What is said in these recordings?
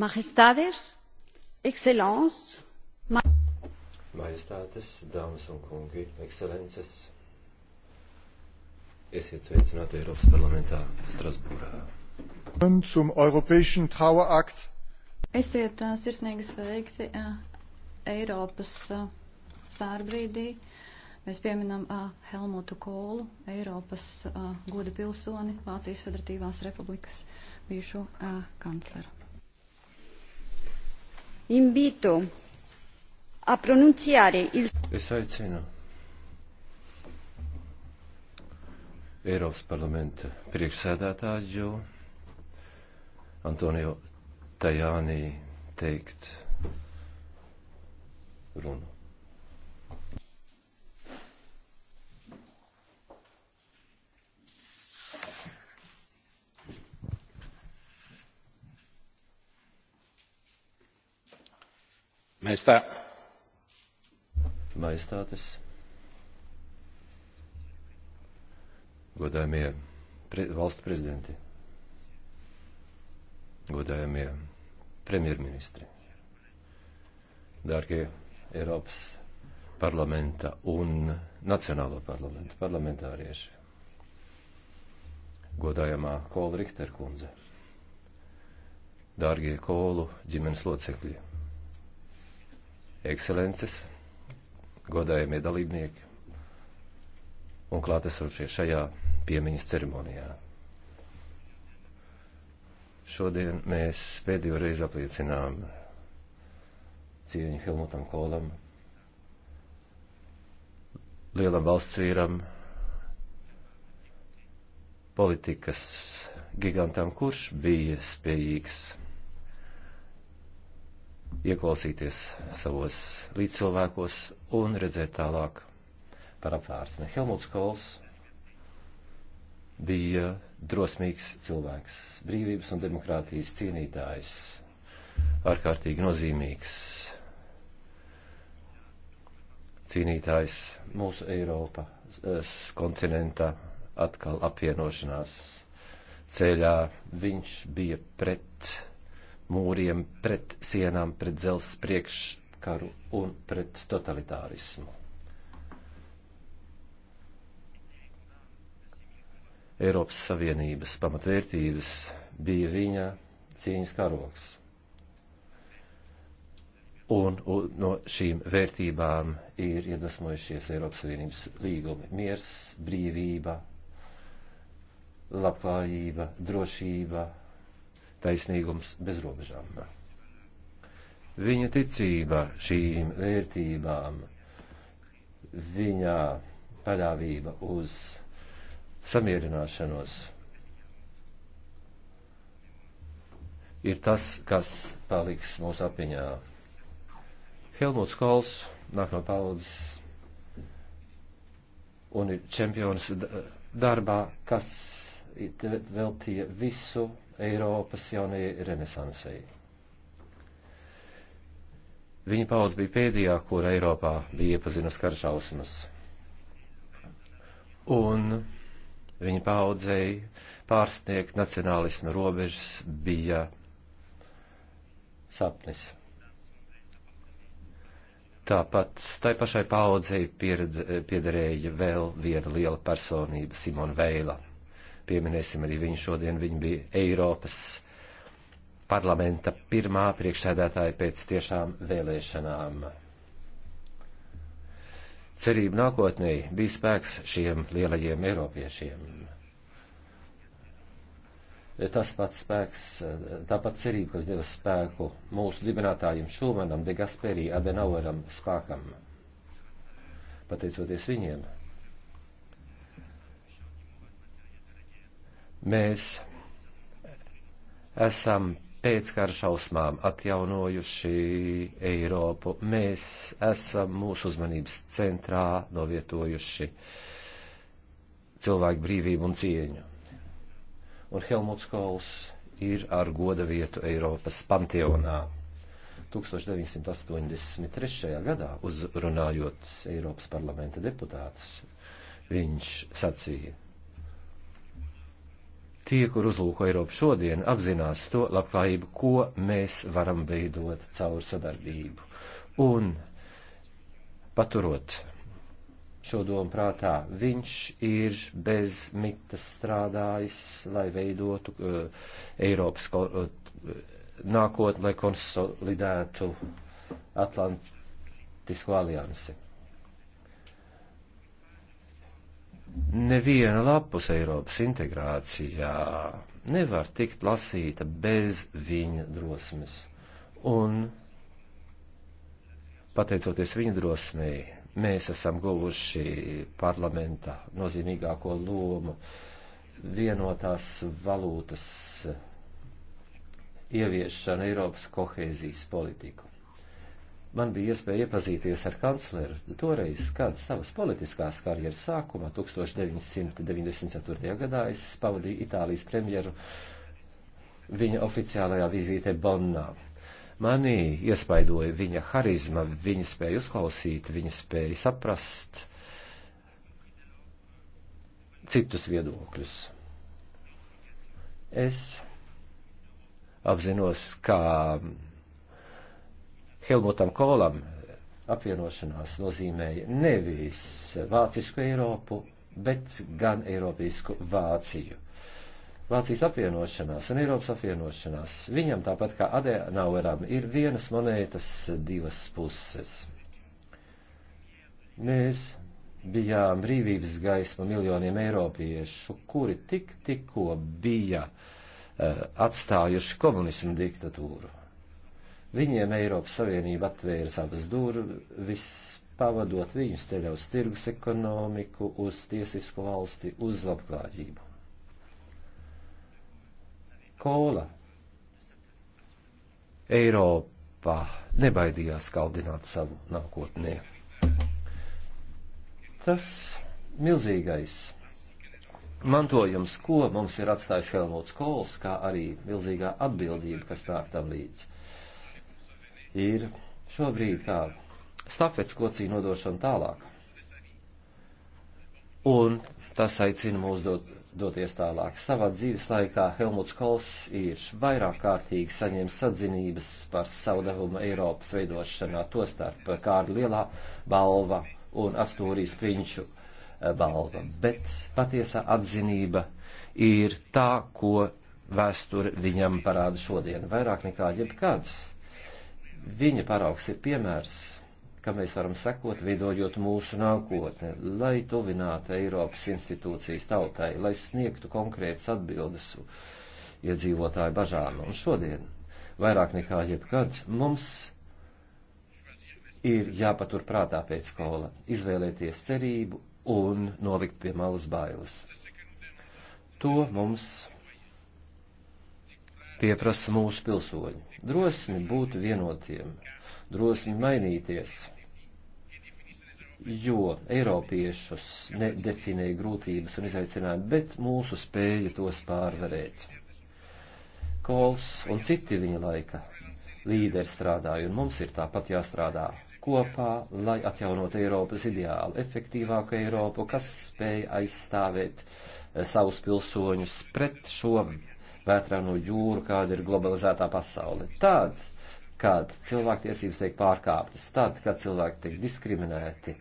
Majestades, Excelences, ma Majestātes, dāmas un kungi, ekscelences, esiet sveicināti Eiropas parlamentā Strasbūrā. Un zum Europäischen Trauerakt. Esiet uh, sirsnīgi sveikti uh, Eiropas uh, sārbrīdī. Mēs pieminam uh, Helmutu Kolu, Eiropas uh, goda pilsoni, Vācijas Federatīvās Republikas bijušo uh, kancleru invito a pronunziare il. Es aicinu Eiropas parlamenta priekšsēdētāju Antonio Tajānī teikt runu. Maestā. Maestātes. Godājumie pre valstu prezidenti. Godājumie premjerministri. Dārgie Eiropas parlamenta un Nacionālo parlamentu parlamentārieši. Godājamā Kola Rikterkundze. Dārgie Kolu ģimenes locekļi ekscelences, godājumie dalībnieki un klātesošie šajā piemiņas ceremonijā. Šodien mēs pēdējo reizi apliecinām cieņu Helmutam Kolam, lielam valsts vīram, politikas gigantam, kurš bija spējīgs ieklausīties savos līdzcilvēkos un redzēt tālāk par apvārsni. Helmuts Kols bija drosmīgs cilvēks, brīvības un demokrātijas cīnītājs, ārkārtīgi nozīmīgs cīnītājs mūsu Eiropas kontinenta atkal apvienošanās ceļā. Viņš bija pret mūriem, pret sienām, pret dzelzs priekškaru un pret totalitārismu. Eiropas Savienības pamatvērtības bija viņa cīņas karoks. Un, un no šīm vērtībām ir iedvesmojušies Eiropas Savienības līgumi - miers, brīvība, labklājība, drošība, taisnīgums bez robežām. Viņa ticība šīm vērtībām, viņa padāvība uz samierināšanos ir tas, kas paliks mūsu apiņā. Helmuts Kols nāk no paudzes un ir čempions darbā, kas veltīja visu Eiropas jaunajai renesansai. Viņa paudz bija pēdējā, kur Eiropā bija iepazinusi karšausmas. Un viņa paudzei pārsniegt nacionālismu robežas bija sapnis. Tāpat tai pašai paudzei piederēja vēl viena liela personība - Simona Veila pieminēsim arī viņu šodien. Viņa bija Eiropas parlamenta pirmā priekšsēdētāja pēc tiešām vēlēšanām. Cerība nākotnē bija spēks šiem lielajiem eiropiešiem. Tas pats spēks, tāpat cerība, kas deva spēku mūsu dibinātājiem Šumanam, De Gasperī, Adenaueram, spēkam. Pateicoties viņiem, Mēs esam pēc kara šausmām atjaunojuši Eiropu. Mēs esam mūsu uzmanības centrā novietojuši cilvēku brīvību un cieņu. Un Helmuts Kols ir ar goda vietu Eiropas panteonā. 1983. gadā, uzrunājot Eiropas parlamenta deputātus, viņš sacīja, Tie, kur uzlūko Eiropu šodien, apzinās to labklājību, ko mēs varam veidot caur sadarbību. Un paturot šo domu prātā, viņš ir bez mitas strādājis, lai veidotu uh, Eiropas uh, nākotni, lai konsolidētu Atlantisko aliansi. Neviena lapus Eiropas integrācijā nevar tikt lasīta bez viņa drosmes. Un pateicoties viņa drosmei, mēs esam guvuši parlamenta nozīmīgāko lomu vienotās valūtas ieviešana Eiropas kohēzijas politiku man bija iespēja iepazīties ar kancleru toreiz, kad savas politiskās karjeras sākumā 1994. gadā es pavadīju Itālijas premjeru viņa oficiālajā vizītē Bonnā. Manī iespaidoja viņa harizma, viņa spēja uzklausīt, viņa spēja saprast citus viedokļus. Es apzinos, ka Helmutam Kolam apvienošanās nozīmēja nevis vācisku Eiropu, bet gan Eiropisku Vāciju. Vācijas apvienošanās un Eiropas apvienošanās, viņam tāpat kā Adenaueram, ir vienas monētas divas puses. Mēs bijām brīvības gaisma miljoniem eiropiešu, kuri tik tikko bija uh, atstājuši komunismu diktatūru. Viņiem Eiropas Savienība atvēra savas durvis, pavadot viņus ceļā uz tirgus ekonomiku, uz tiesisku valsti, uz labklājību. Kola Eiropā nebaidījās kaldināt savu nākotnē. Tas milzīgais mantojums, ko mums ir atstājis Helmuts Kols, kā arī milzīgā atbildība, kas nāk tam līdzi ir šobrīd kā stafets kocī nodošana tālāk. Un tas aicina mūs dot, doties tālāk. Savā dzīves laikā Helmuts Kols ir vairāk kārtīgi saņēmis sadzinības par savu devumu Eiropas veidošanā, tostarp kāda lielā balva un Astūrijas prinču eh, balva. Bet patiesā atzinība ir tā, ko vēsture viņam parāda šodien, vairāk nekā jebkad. Viņa paraugs ir piemērs, kam mēs varam sekot, veidojot mūsu nākotni, lai tuvinātu Eiropas institūcijas tautai, lai sniegtu konkrētas atbildes iedzīvotāju bažām. Un šodien, vairāk nekā jebkad, mums ir jāpatur prātā pēc skola, izvēlēties cerību un novikt pie malas bailes. To mums pieprasa mūsu pilsoņi drosmi būt vienotiem, drosmi mainīties, jo Eiropiešus nedefinēja grūtības un izaicinājumi, bet mūsu spēja tos pārvarēt. Kols un citi viņa laika līderi strādāja, un mums ir tāpat jāstrādā kopā, lai atjaunot Eiropas ideālu, efektīvāku Eiropu, kas spēja aizstāvēt eh, savus pilsoņus pret šo vētrā no jūra, kāda ir globalizētā pasaule. Tāds, kad cilvēktiesības tiek pārkāptas, tad, kad cilvēki tiek diskriminēti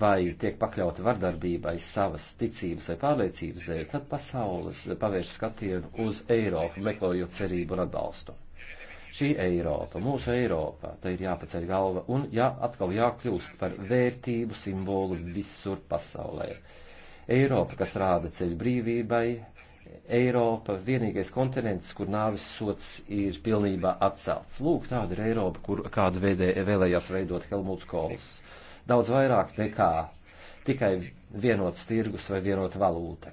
vai tiek pakļauti vardarbībai savas ticības vai pārliecības dēļ, tad pasaules pavērš skatienu uz Eiropu, meklējot cerību un atbalstu. Šī Eiropa, mūsu Eiropa, tai ir jāpaceļ galva un jā, atkal jākļūst par vērtību simbolu visur pasaulē. Eiropa, kas rāda ceļu brīvībai, Eiropa vienīgais kontinents, kur nāvis sots ir pilnībā atcelts. Lūk, tāda ir Eiropa, kur kādu veidē, vēlējās veidot Helmuts Kols. Daudz vairāk nekā tikai vienots tirgus vai vienota valūta.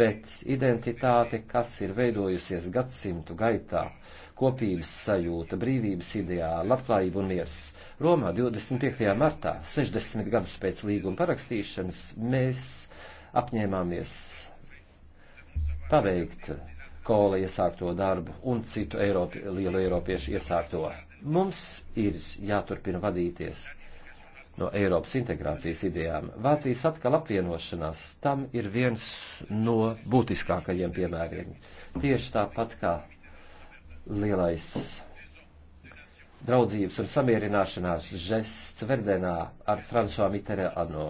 Bet identitāte, kas ir veidojusies gadsimtu gaitā, kopības sajūta, brīvības ideāla, labklājība un miers. Romā 25. martā, 60 gadus pēc līguma parakstīšanas, mēs apņēmāmies paveikt kola iesākto darbu un citu Eiropi, lielu eiropiešu iesākto. Mums ir jāturpina vadīties no Eiropas integrācijas idejām. Vācijas atkal apvienošanās tam ir viens no būtiskākajiem piemēriem. Tieši tāpat kā lielais draudzības un samierināšanās žests Verdenā ar François Mitterāno.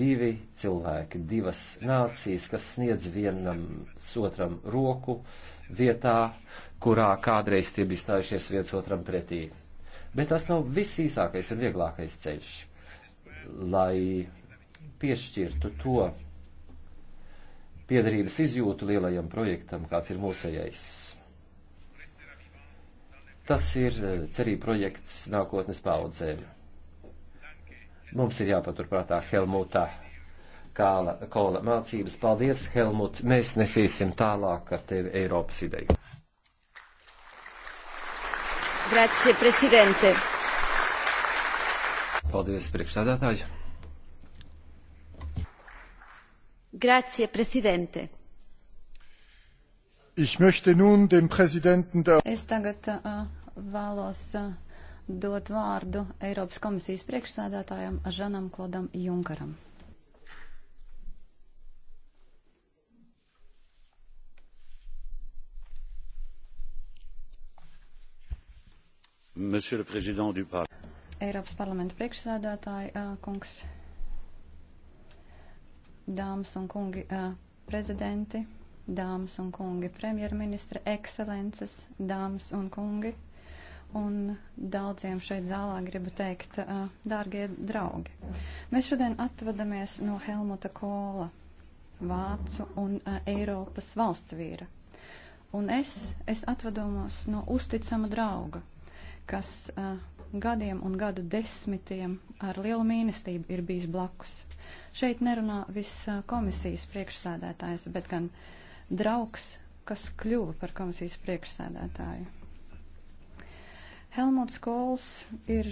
Divi cilvēki, divas nācijas, kas sniedz vienam otram roku vietā, kurā kādreiz tie bija stājušies viens otram pretī. Bet tas nav viss īsākais un vieglākais ceļš, lai piešķirtu to piedarības izjūtu lielajam projektam, kāds ir mūsējais Tas ir e, cerība projekts nākotnes paudzēm. Mums ir jāpaturprātā Helmuta Kāla Kola mācības. Paldies, Helmut! Mēs nesīsim tālāk ar tevi Eiropas ideju. Grazie, prezidente! Paldies, priekšsādātāji! Grazie, prezidente! Es tagad uh, vēlos uh, dot vārdu Eiropas komisijas priekšsēdētājam Žanam Klodam Junkaram. Monsieur le Président du Parlement. Eiropas parlamenta priekšsēdētāji, uh, kungs, dāmas un kungi, uh, prezidenti, dāmas un kungi, premjerministra ekscelences, dāmas un kungi, un daudziem šeit zālā gribu teikt, dārgie draugi. Mēs šodien atvadamies no Helmuta Kola, vācu un Eiropas valsts vīra. Un es, es atvadomos no uzticama drauga, kas gadiem un gadu desmitiem ar lielu mīnestību ir bijis blakus. Šeit nerunā viss komisijas priekšsēdētājs, bet gan uh, draugs, kas kļuva par komisijas priekšsēdētāju. Helmuts Kols ir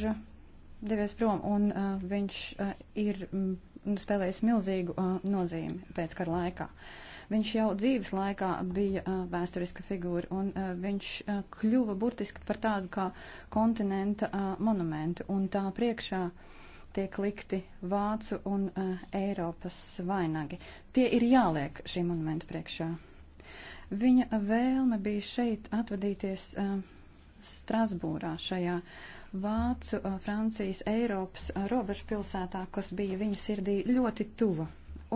devies prom, un uh, viņš uh, ir m, mm, spēlējis milzīgu uh, nozīmi pēc kara laikā. Viņš jau dzīves laikā bija uh, vēsturiska figūra, un uh, viņš uh, kļuva burtiski par tādu kā kontinenta uh, monumentu, un tā priekšā uh, tiek likti vācu un uh, Eiropas vainagi. Tie ir jāliek šī monumenta priekšā. Viņa vēlme bija šeit atvadīties uh, Strasbūrā šajā vācu, uh, Francijas, Eiropas uh, robežu pilsētā, kas bija viņa sirdī ļoti tuva,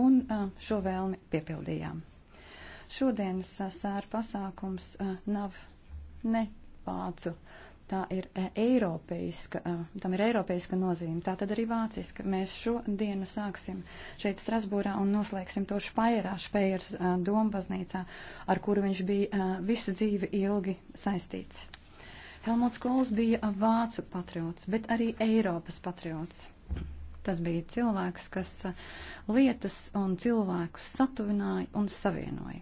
un uh, šo vēlmi piepildījām. Šodienas uh, sēra pasākums uh, nav ne vācu tā ir e, eiropeiska, e, tam ir eiropeiska nozīme, tā tad arī vāciska. Mēs šo dienu sāksim šeit Strasbūrā un noslēgsim to Špairā, Špairas e, dombaznīcā, ar kuru viņš bija visu dzīvi ilgi saistīts. Helmuts Kols bija vācu patriots, bet arī Eiropas patriots. Tas bija cilvēks, kas lietas un cilvēkus satuvināja un savienoja.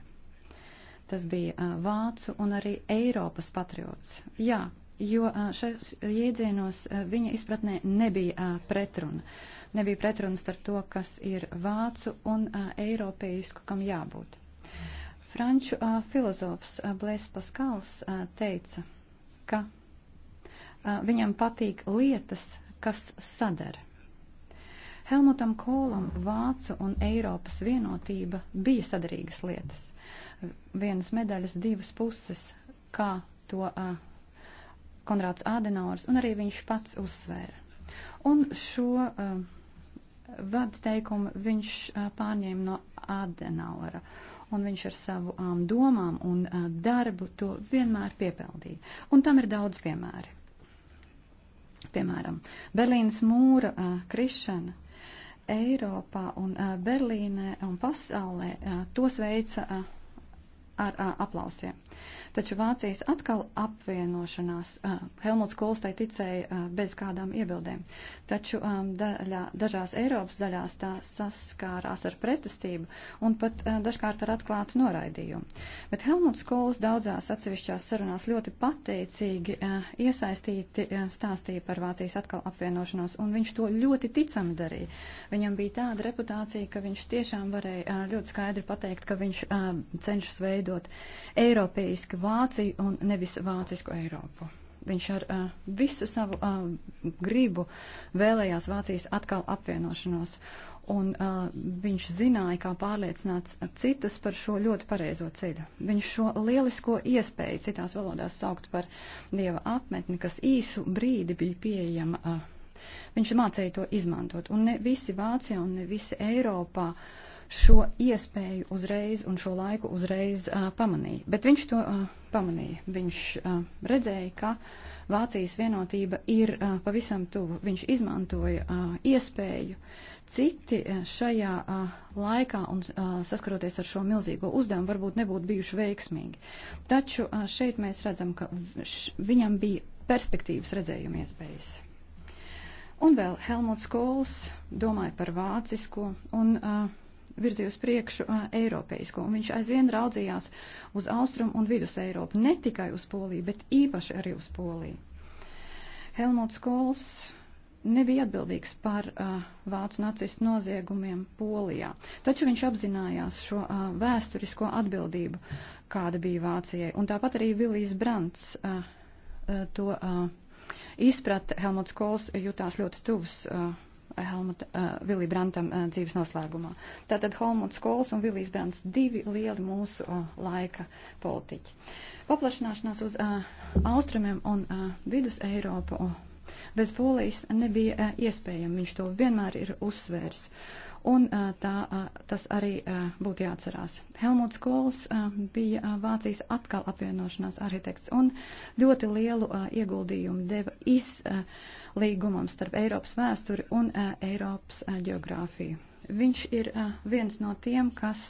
Tas bija vācu un arī Eiropas patriots. Jā, jo šajos jēdzienos viņa izpratnē nebija pretruna. Nebija pretrunas starp to, kas ir vācu un eiropeisku, kam jābūt. Franču filozofs Blēs Paskals teica, ka viņam patīk lietas, kas sadara. Helmutam Kolam Vācu un Eiropas vienotība bija sadarīgas lietas. Vienas medaļas divas puses, kā to uh, Konrāds Ādenors, un arī viņš pats uzsvēra. Un šo uh, eh, vadu teikumu viņš uh, pārņēma no Ādenaura, un viņš ar savu um, domām un uh, darbu to vienmēr piepildīja. Un tam ir daudz piemēri. Piemēram, Berlīnas mūra uh, krišana Eiropā un uh, Berlīnē un pasaulē uh, tos veica. Uh, ar a, aplausiem. Taču Vācijas atkal apvienošanās a, Helmuts Kols tai ticēja a, bez kādām iebildēm. Taču a, daļā, dažās Eiropas daļās tā saskārās ar pretestību un pat a, dažkārt ar atklātu noraidījumu. Bet Helmuts Kols daudzās atsevišķās sarunās ļoti pateicīgi a, iesaistīti a, stāstīja par Vācijas atkal apvienošanos, un viņš to ļoti ticami darīja. Viņam bija tāda reputācija, ka viņš tiešām varēja a, ļoti skaidri pateikt, ka viņš a, cenšas veidot veidot Eiropeisku Vāciju un nevis Vācisku Eiropu. Viņš ar uh, visu savu uh, gribu vēlējās Vācijas atkal apvienošanos, un uh, viņš zināja, kā pārliecināt citus par šo ļoti pareizo ceļu. Viņš šo lielisko iespēju citās valodās saukt par dieva apmetni, kas īsu brīdi bija pieejama. Uh, viņš mācīja to izmantot, un ne visi Vācijā un ne visi Eiropā uh, šo iespēju uzreiz un šo laiku uzreiz uh, pamanīja. Bet viņš to uh, pamanīja. Viņš uh, redzēja, ka Vācijas vienotība ir uh, pavisam tuvu. Viņš izmantoja uh, iespēju. Citi uh, šajā uh, laikā un uh, saskaroties ar šo milzīgo uzdevumu varbūt nebūtu bijuši veiksmīgi. Taču uh, šeit mēs redzam, ka viņam bija perspektīvas redzējuma iespējas. Un vēl Helmuts Kols domāja par vācisko un uh, virzīja uz priekšu Eiropeisko, un viņš aizvien raudzījās uz Austrum un Vidus Eiropu, ne tikai uz Poliju, bet īpaši arī uz Poliju. Helmuts Kols nebija atbildīgs par uh, vācu nacistu noziegumiem Polijā, taču viņš apzinājās šo uh, vēsturisko atbildību, kāda bija Vācijai, un tāpat arī Vilijs Brants uh, uh, to uh, izprata, Helmuts Kols jutās ļoti tuvs. Uh, Eh, Helmuta uh, eh, Vilija Brantam uh, dzīves noslēgumā. Tātad Helmuts Kols un Vilijs Brants divi lieli mūsu uh, laika politiķi. Paplašanāšanās uz uh, austrumiem un uh, vidus Eiropu uh, bez Polijas nebija uh, iespējama. Viņš to vienmēr ir uzsvērs. Uh, un tā, tas arī būtu jāatcerās. Helmuts Kols bija Vācijas atkal apvienošanās arhitekts un ļoti lielu ieguldījumu deva izlīgumam starp Eiropas vēsturi un Eiropas geogrāfiju. Viņš ir viens no tiem, kas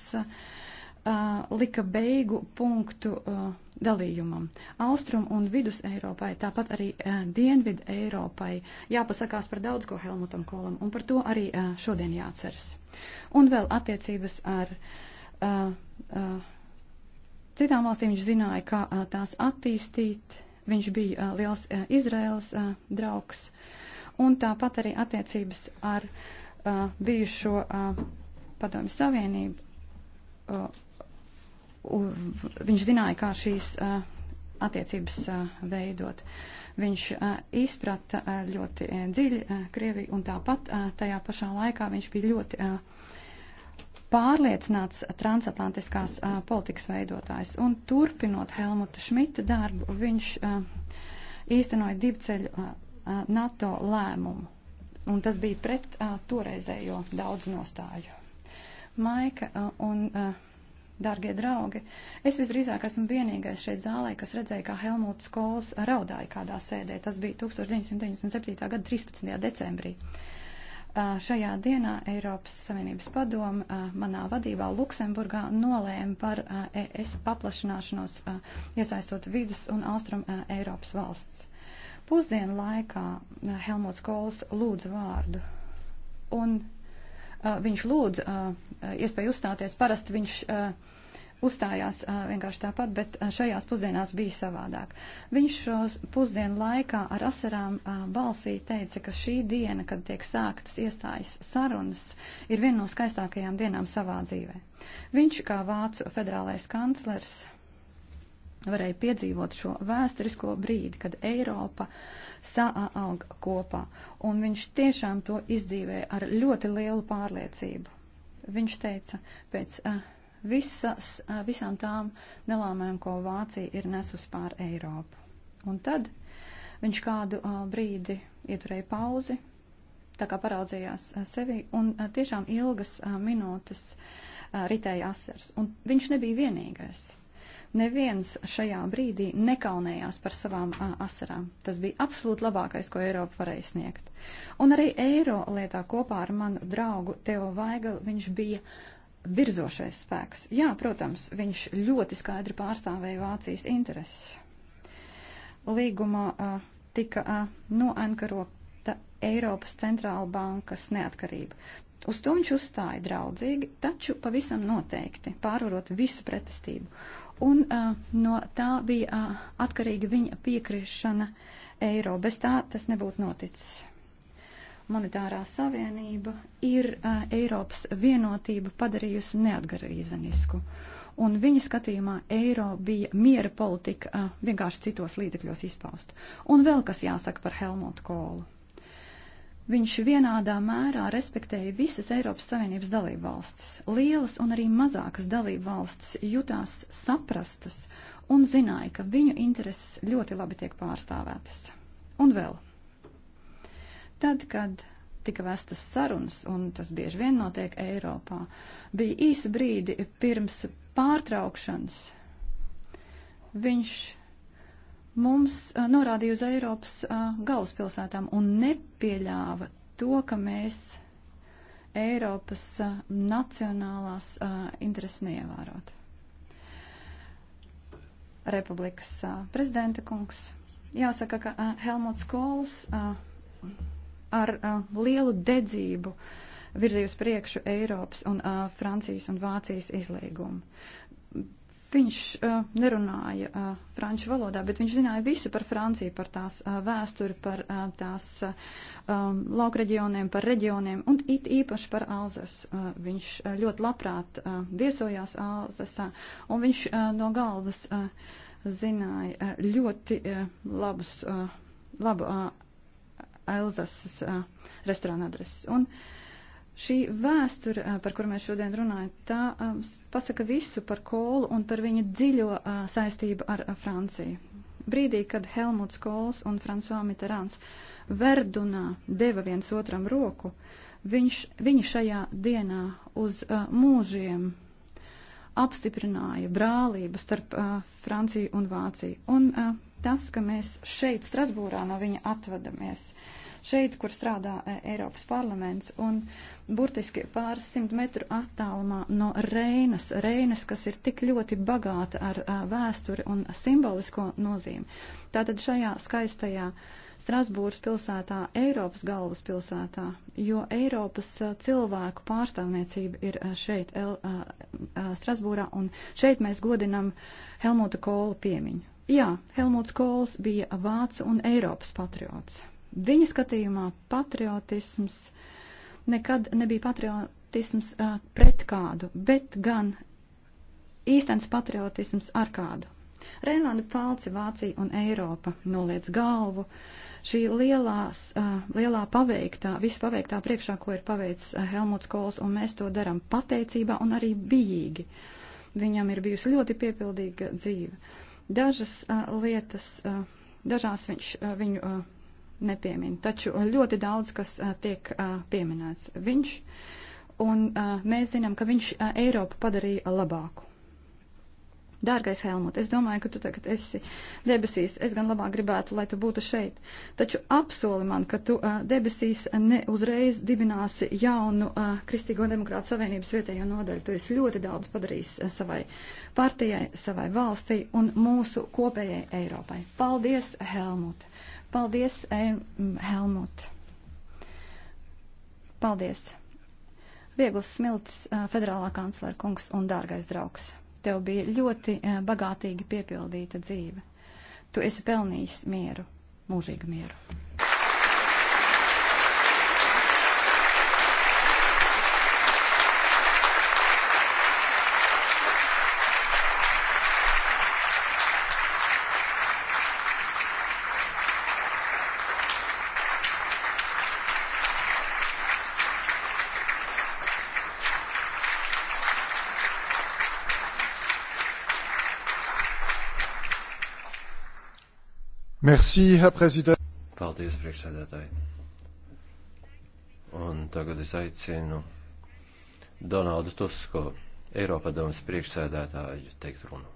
lika beigu punktu uh, dalījumam. Austrum un Vidus Eiropai, tāpat arī uh, eh, Dienvidu Eiropai jāpasakās par daudz ko Helmutam Kolam, un par to arī uh, šodien jāatceras. Un vēl attiecības ar uh, uh, citām valstīm viņš zināja, kā uh, tās attīstīt. Viņš bija uh, liels uh, Izraels uh, draugs, un tāpat arī attiecības ar uh, bijušo uh, Padomju Savienību. Uh, viņš zināja, kā šīs attiecības veidot. Viņš izprata ļoti dziļi Krieviju un tāpat tajā pašā laikā viņš bija ļoti pārliecināts transatlantiskās politikas veidotājs. Un turpinot Helmuta Šmita darbu, viņš īstenoja divceļu NATO lēmumu. Un tas bija pret toreizējo daudz nostāju. Maika un uh, Dargie draugi, es visdrīzāk esmu vienīgais šeit zālē, kas redzēja, kā Helmuts Kols raudāja kādā sēdē. Tas bija 1997. gada 13. decembrī. Šajā dienā Eiropas Savienības padoma manā vadībā Luksemburgā nolēma par ES paplašanāšanos, iesaistot vidus un austrum Eiropas valsts. Pusdienu laikā Helmuts Kols lūdza vārdu un Uh, viņš lūdz uh, uh, iespēju uzstāties. Parasti viņš uzstājās vienkārši tāpat, bet šajās pusdienās bija savādāk. Viņš šos pusdienu laikā ar asarām balsī teica, ka šī diena, kad tiek sāktas iestājas sarunas, ir viena no skaistākajām dienām savā dzīvē. Viņš kā Vācu federālais kanclers varēja piedzīvot šo vēsturisko brīdi, kad Eiropa saaug kopā. Un viņš tiešām to izdzīvēja ar ļoti lielu pārliecību. Viņš teica, pēc eh, visas, eh, visām tām nelāmēm, ko Vācija ir nesus pār Eiropu. Un tad viņš kādu eh, brīdi ieturēja pauzi, tā kā paraudzījās sevi, un tiešām ilgas minūtes ritēja asars. Un viņš nebija vienīgais. Neviens šajā brīdī nekaunējās par savām a, asarām. Tas bija absolūti labākais, ko Eiropa varēja sniegt. Un arī eiro lietā kopā ar manu draugu Teo Vaigalu viņš bija virzošais spēks. Jā, protams, viņš ļoti skaidri pārstāvēja Vācijas intereses. Līgumā a, tika a, noankarota Eiropas centrāla bankas neatkarība. Uz to viņš uzstāja draudzīgi, taču pavisam noteikti, pārvarot visu pretestību un uh, no tā bija uh, atkarīga viņa piekrišana eiro. Bez tā tas nebūtu noticis. Monetārā savienība ir uh, Eiropas vienotība padarījusi neatgarīzenisku, un viņa skatījumā eiro bija miera politika uh, vienkārši citos līdzekļos izpaust. Un vēl kas jāsaka par Helmutu Kolu. Viņš vienādā mērā respektēja visas Eiropas Savienības dalību valstis. Lielas un arī mazākas dalību valstis jutās saprastas un zināja, ka viņu intereses ļoti labi tiek pārstāvētas. Un vēl. Tad, kad tika vestas sarunas, un tas bieži vien notiek Eiropā, bija īsu brīdi pirms pārtraukšanas. Viņš mums norādīja uz Eiropas galvaspilsētām un nepieļāva to, ka mēs Eiropas nacionālās intereses neievērotu. Republikas prezidenta kungs. Jāsaka, ka Helmuts Kols ar lielu dedzību virzīja uz priekšu Eiropas un Francijas un Vācijas izlīgumu. Viņš uh, nerunāja uh, franču valodā, bet viņš zināja visu par Franciju, par tās uh, vēsturi, par uh, tās uh, um, laukreģioniem, par reģioniem un it īpaši par Alzas. Uh, viņš uh, ļoti labprāt uh, viesojās Alzasā un viņš uh, no galvas uh, zināja uh, ļoti uh, labus, uh, labu uh, Alzasas uh, restorāna adreses. Un, uh, Šī vēsture, eh, par kuru mēs šodien runājam, tā um, pasaka visu par kolu un par viņa dziļo uh, saistību ar uh, Franciju. Brīdī, kad Helmuts Kols un François Mitterāns Verdunā deva viens otram roku, viņš, viņi šajā dienā uz uh, mūžiem apstiprināja brālību starp uh, Franciju un Vāciju. Un uh, tas, ka mēs šeit Strasbūrā no viņa atvadamies. Uh, šeit, kur strādā e, Eiropas parlaments, un burtiski pāris simt metru attālumā no Reinas, Reinas, kas ir tik ļoti bagāta ar e, vēsturi un simbolisko nozīmi. Tātad šajā skaistajā Strasbūras pilsētā, Eiropas galvaspilsētā, jo Eiropas e, cilvēku pārstāvniecība ir šeit, El, Strasbūrā, un šeit mēs godinam Helmuta Kola piemiņu. Jā, Helmuts Kols bija vācu un Eiropas patriots. Viņa skatījumā patriotisms nekad nebija patriotisms uh, pret kādu, bet gan īstenis patriotisms ar kādu. Reinlanda Falci, Vācija un Eiropa noliec galvu. Šī lielās, uh, lielā paveiktā, vispaveiktā priekšā, ko ir paveicis Helmuts Kols, un mēs to darām pateicībā un arī bijīgi. Viņam ir bijusi ļoti piepildīga dzīve. Dažas uh, lietas, uh, dažās viņš, uh, viņu. Uh, nepiemin. Taču ļoti daudz, kas tiek pieminēts viņš, un mēs zinām, ka viņš Eiropu padarīja labāku. Dārgais Helmut, es domāju, ka tu tagad esi debesīs. Es gan labāk gribētu, lai tu būtu šeit. Taču apsoli man, ka tu uh, debesīs ne uzreiz dibināsi jaunu uh, Kristīgo demokrātu savienības vietējo nodaļu. Tu esi ļoti daudz padarījis uh, savai partijai, savai valstī un mūsu kopējai Eiropai. Paldies, Helmut! Uh, Paldies, Helmut. Paldies. Viegls smilts, eh, federālā kanclera kungs un dārgais draugs. Tev bija ļoti eh, bagātīgi piepildīta dzīve. Tu esi pelnījis mieru, mūžīgu mieru. Merci, Herr Prezident. Paldies, priekšsēdētāji. Un tagad es aicinu Donaldu Tusko, Eiropadomas priekšsēdētāju, teikt runu.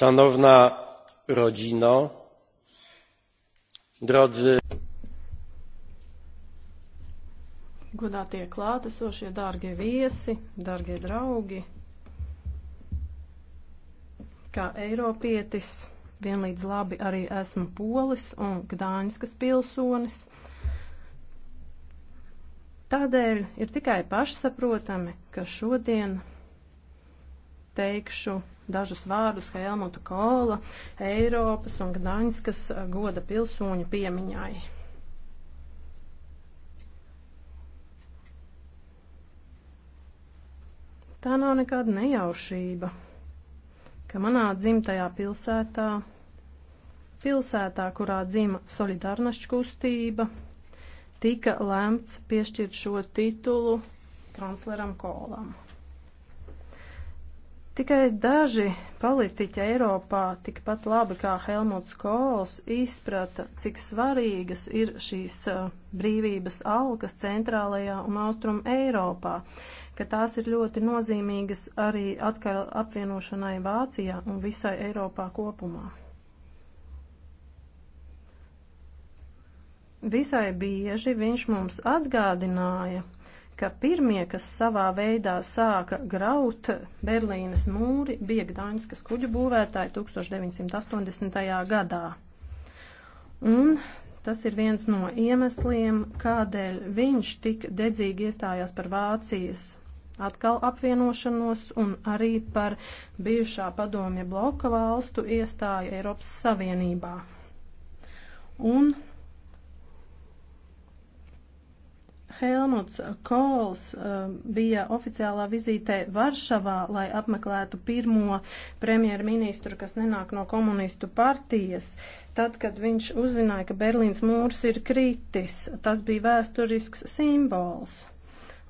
Szanowna rodzino, drodzy Godātie klātesošie, dārgie viesi, dārgie draugi, kā Eiropietis, vienlīdz labi arī esmu polis un Gdāņskas pilsonis. Tādēļ ir tikai pašsaprotami, ka šodien teikšu dažus vārdus Helmuta Kola Eiropas un Gdaņskas goda pilsoņu piemiņai. Tā nav nekāda nejaušība, ka manā dzimtajā pilsētā, pilsētā, kurā dzima solidarnašķa kustība, tika lēmts piešķirt šo titulu kancleram Kolam. Tikai daži politiķi Eiropā, tikpat labi kā Helmuts Kols, izprata, cik svarīgas ir šīs uh, brīvības alkas centrālajā un austrum Eiropā, ka tās ir ļoti nozīmīgas arī atkal apvienošanai Vācijā un visai Eiropā kopumā. Visai bieži viņš mums atgādināja, ka pirmie, kas savā veidā sāka graut Berlīnas mūri, bija Gdaņskas kuģu būvētāji 1980. gadā. Un tas ir viens no iemesliem, kādēļ viņš tik dedzīgi iestājās par Vācijas atkal apvienošanos un arī par bijušā padomja bloka valstu iestāju Eiropas Savienībā. Un Helmuts Kols eh, bija oficiālā vizītē Varšavā, lai apmeklētu pirmo premjerministru, kas nenāk no komunistu partijas. Tad, kad viņš uzzināja, ka Berlīns mūrs ir kritis, tas bija vēsturisks simbols.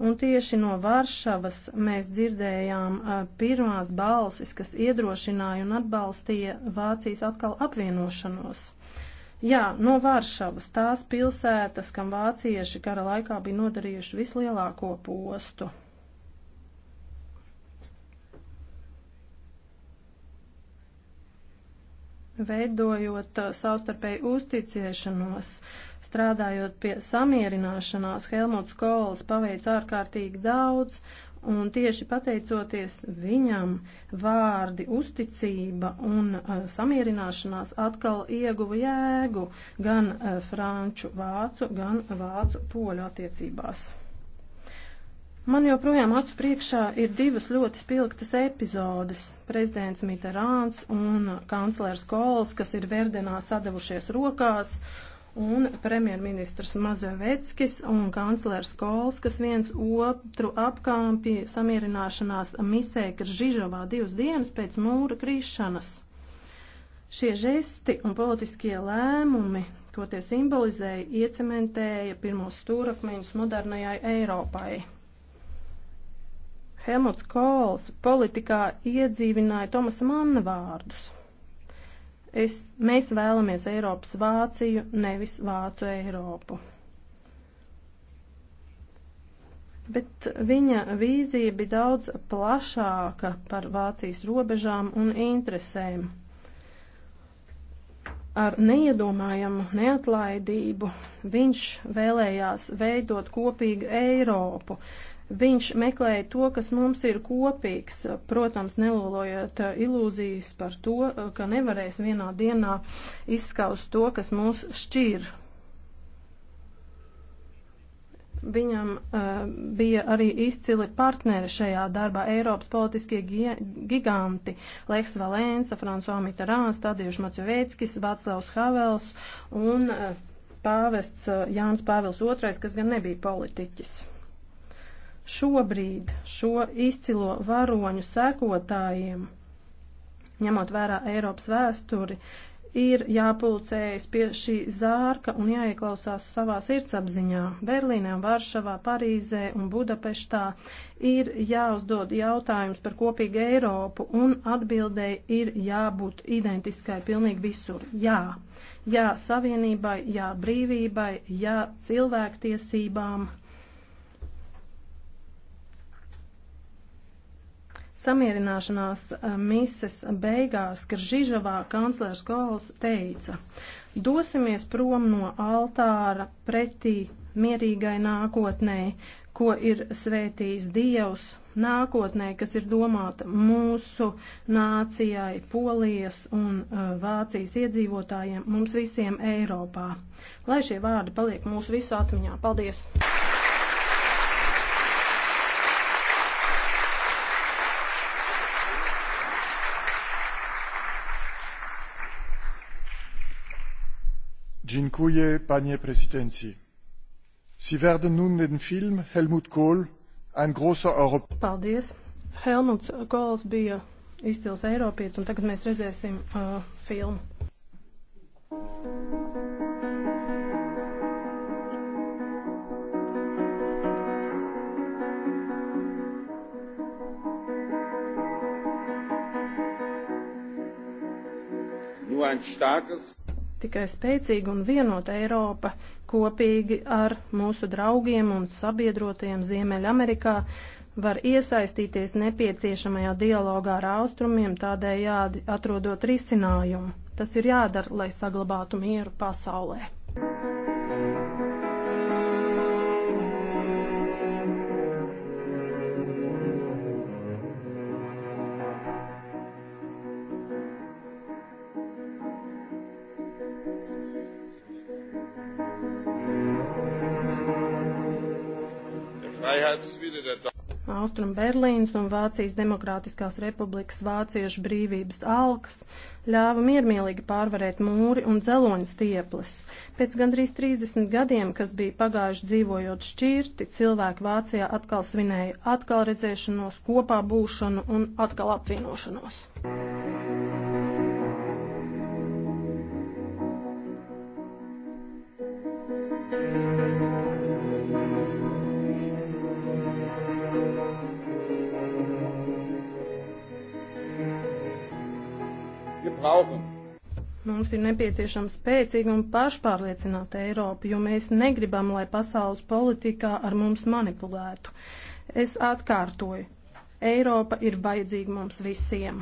Un tieši no Varšavas mēs dzirdējām eh, pirmās balsis, kas iedrošināja un atbalstīja Vācijas atkal apvienošanos. Jā, no Varšavas tās pilsētas, kam vācieši kara laikā bija nodarījuši vislielāko postu. veidojot uh, savstarpēju uzticēšanos, strādājot pie samierināšanās, Helmuts Kols paveic ārkārtīgi daudz, Un tieši pateicoties viņam, vārdi uzticība un uh, samierināšanās atkal ieguva jēgu gan uh, franču vācu, gan vācu poļu attiecībās. Man joprojām acu priekšā ir divas ļoti spilgtas epizodes - prezidents Mitterāns un kanclers Kols, kas ir Verdenā sadavušies rokās, uh, un premjerministrs Mazoveckis un kanclers Kols, kas viens otru apkāpja samierināšanās misē Kržižovā divas dienas pēc mūra krišanas. Šie žesti un politiskie lēmumi, ko tie simbolizēja, iecementēja pirmos stūrakmeņus modernajai Eiropai. Helmuts Kols politikā iedzīvināja Tomasa Manna vārdus. Es, mēs vēlamies Eiropas Vāciju, nevis Vācu Eiropu. Bet viņa vīzija bija daudz plašāka par Vācijas robežām un interesēm. Ar neiedomājamu neatlaidību viņš vēlējās veidot kopīgu Eiropu, uh, Viņš meklēja to, kas mums ir kopīgs, protams, nelolojot uh, ilūzijas par to, uh, ka nevarēs vienā dienā izskaust to, kas mūs šķir. Viņam uh, bija arī izcili partneri šajā darbā - Eiropas politiskie giganti - Leks Valensa, François Mitterāns, Tadiež Macevēckis, Vaclavs Havels un uh, pāvests uh, Jānis Pāvils II, kas gan nebija politiķis. Šobrīd šo izcilo varoņu sekotājiem, ņemot vērā Eiropas vēsturi, ir jāpulcējas pie šī zārka un jāieklausās savā sirdsapziņā. Berlīnē, Varšavā, Parīzē un Budapeštā ir jāuzdod jautājums par kopīgu Eiropu un atbildēji ir jābūt identiskai pilnīgi visur. Jā, jā savienībai, jā brīvībai, jā cilvēktiesībām Samierināšanās eh, mises beigās, kad Žižavā kanclers Kols teica, dosimies prom no altāra pretī mierīgai nākotnē, ko ir svētījis Dievs, nākotnē, kas ir domāta mūsu nācijai, Polijas un uh, Vācijas iedzīvotājiem, mums visiem Eiropā. Lai šie vārdi paliek mūsu visu atmiņā. Paldies! Dziękuję, panie Präsidentin. Sie werden nun den Film Helmut Kohl, ein großer Europäer. Paldies. Helmuts Kohls bija izcils Eiropietis, un tagad mēs redzēsim uh, filmu. Nur ein starkes tikai spēcīga un vienota Eiropa kopīgi ar mūsu draugiem un sabiedrotajiem Ziemeļamerikā var iesaistīties nepieciešamajā dialogā ar austrumiem, tādējādi atrodot risinājumu. Tas ir jādara, lai saglabātu mieru pasaulē. Thank you. Austrum Berlīnas un Vācijas Demokrātiskās republikas vāciešu brīvības alks ļāva miermīlīgi pārvarēt mūri un dzeloņu stieples. Pēc gandrīz 30 gadiem, kas bija pagājuši dzīvojot šķirti, cilvēki Vācijā atkal svinēja atkal redzēšanos, kopā būšanu un atkal apvienošanos. Thank you. brauchen. Mums ir nepieciešama spēcīga un pašpārliecināta Eiropa, jo mēs negribam, lai pasaules politikā ar mums manipulētu. Es atkārtoju, Eiropa ir vajadzīga mums visiem.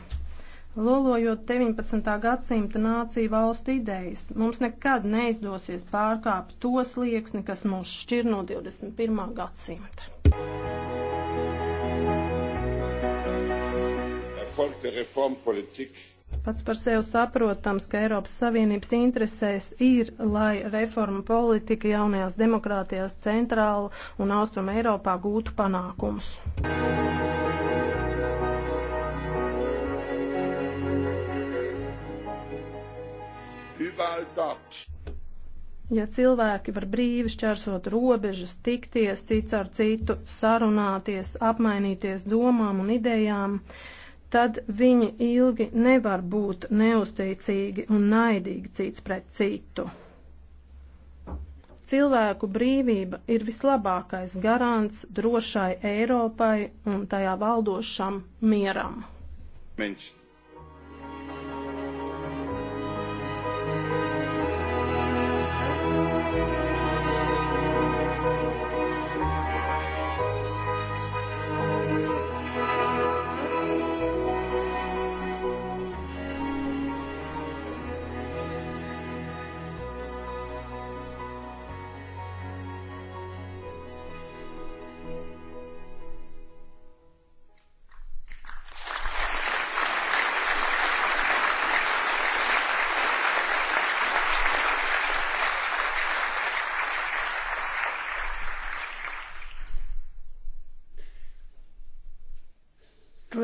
Lolojot 19. gadsimta nāciju valstu idejas, mums nekad neizdosies pārkāpt to slieksni, kas mūs šķir no 21. gadsimta. Erfolgte reformpolitika Pats par sevi saprotams, ka Eiropas Savienības interesēs ir, lai reforma politika jaunajās demokrātijās centrāla un austrum Eiropā gūtu panākumus. Ja cilvēki var brīvi šķērsot robežas, tikties cits ar citu, sarunāties, apmainīties domām un idejām, uh, tad viņi ilgi nevar būt neusticīgi un naidīgi cits pret citu. Cilvēku brīvība ir vislabākais garants drošai Eiropai un tajā valdošam mieram. Mensch.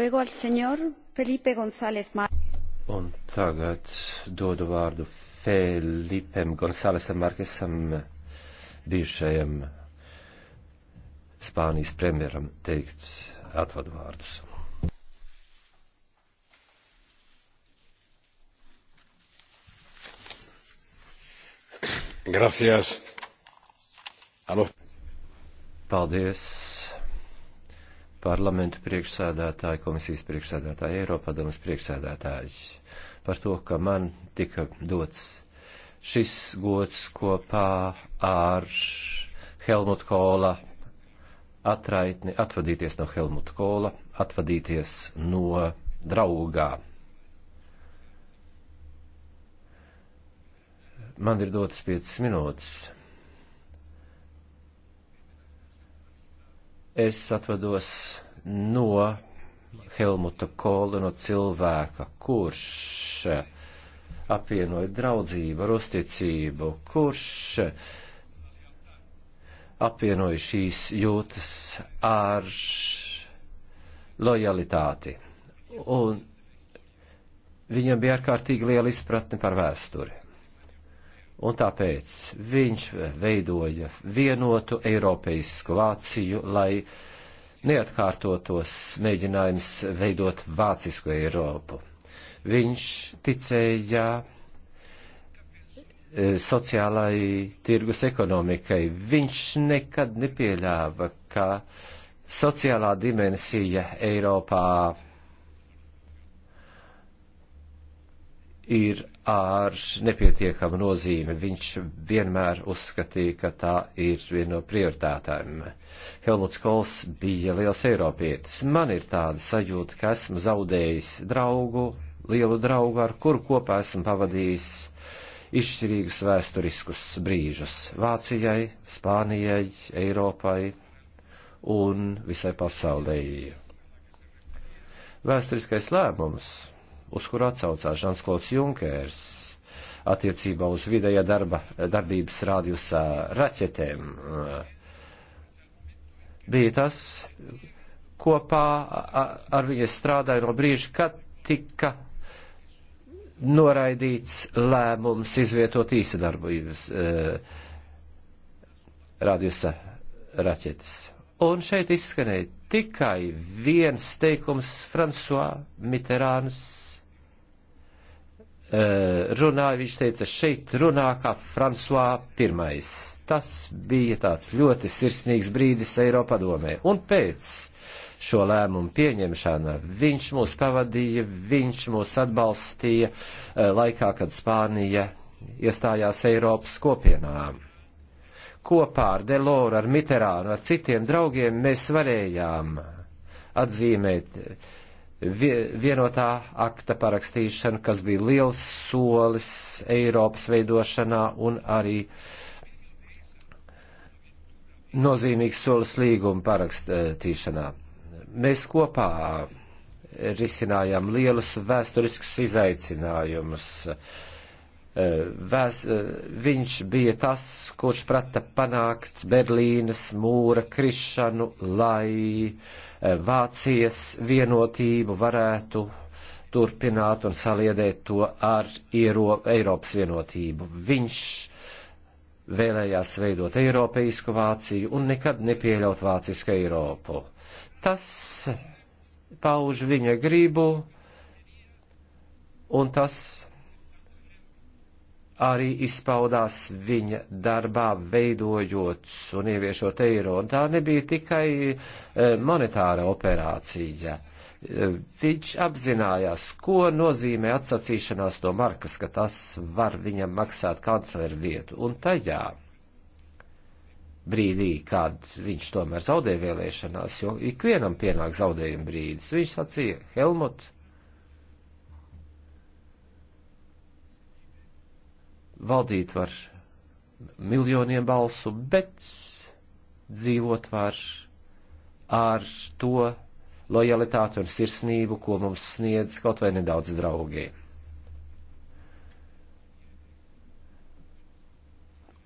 luego al señor Felipe González Mar. Un tagad dodu vārdu Felipem Gonzálesam Markesam, bijušajam Spānijas premjeram, teikt atvadu vārdus. Gracias. Alo. Paldies parlamentu priekšsēdētāji, komisijas priekšsēdētāji, Eiropadomas priekšsēdētāji par to, ka man tika dots šis gods kopā ar Helmut Kola atraitni, atvadīties no Helmut Kola, atvadīties no draugā. Man ir dotas 5 minūtes. Es atvados no Helmuta Kola, no cilvēka, kurš eh, apvienoja draudzību ar uzticību, kurš eh, apvienoja šīs jūtas ar lojalitāti. Un viņam bija ārkārtīgi liela izpratne par vēsturi. Un tāpēc viņš veidoja vienotu Eiropeisku Vāciju, lai neatkārtotos mēģinājums veidot vācisku Eiropu. Viņš ticēja e, sociālai tirgus ekonomikai. Viņš nekad nepieļāva, ka sociālā dimensija Eiropā ir ar nepietiekamu nozīmi. Viņš vienmēr uzskatīja, ka tā ir viena no prioritātēm. Helmuts Kols bija liels eiropietis. Man ir tāda sajūta, ka esmu zaudējis draugu, lielu draugu, ar kuru kopā esmu pavadījis izšķirīgus vēsturiskus brīžus Vācijai, Spānijai, Eiropai un visai pasaulē. Vēsturiskais lēmums uz kuru atsaucās Žans Klauds Junkers attiecībā uz vidējā darba, darbības rādījusā raķetēm, bija tas, kopā ar viņu strādāju no brīža, kad tika noraidīts lēmums izvietot īsa darbības eh, radiusa raķetes. Un šeit izskanēja tikai viens teikums François Mitterāns eh, runāja, viņš teica, šeit runā kā François I. Tas bija tāds ļoti sirsnīgs brīdis Eiropadomē. Un pēc šo lēmumu pieņemšana viņš mūs pavadīja, viņš mūs atbalstīja eh, laikā, kad Spānija iestājās Eiropas kopienām kopā ar Deloru, ar Mitterānu, ar citiem draugiem mēs varējām atzīmēt vienotā akta parakstīšanu, kas bija liels solis Eiropas veidošanā un arī nozīmīgs solis līguma parakstīšanā. Mēs kopā risinājām lielus vēsturiskus izaicinājumus. Uh, Vēs, viņš bija tas, kurš prata panākt Berlīnas mūra krišanu, lai eh, Vācijas vienotību varētu turpināt un saliedēt to ar Eiro, Eiropas vienotību. Viņš vēlējās veidot Eiropeisku Vāciju un nekad nepieļaut Vācijasku Eiropu. Tas pauž viņa gribu, un tas arī izpaudās viņa darbā, veidojot un ieviešot eiro. Un tā nebija tikai e, monetāra operācija. E, viņš apzinājās, ko nozīmē atsacīšanās no markas, ka tas var viņam maksāt kancleru vietu. Un tajā brīdī, kad viņš tomēr zaudē vēlēšanās, jo ikvienam pienāk zaudējuma brīdis, viņš sacīja, Helmut, valdīt var miljoniem balsu, bet dzīvot var ar to lojalitāti un sirsnību, ko mums sniedz kaut vai nedaudz draugi.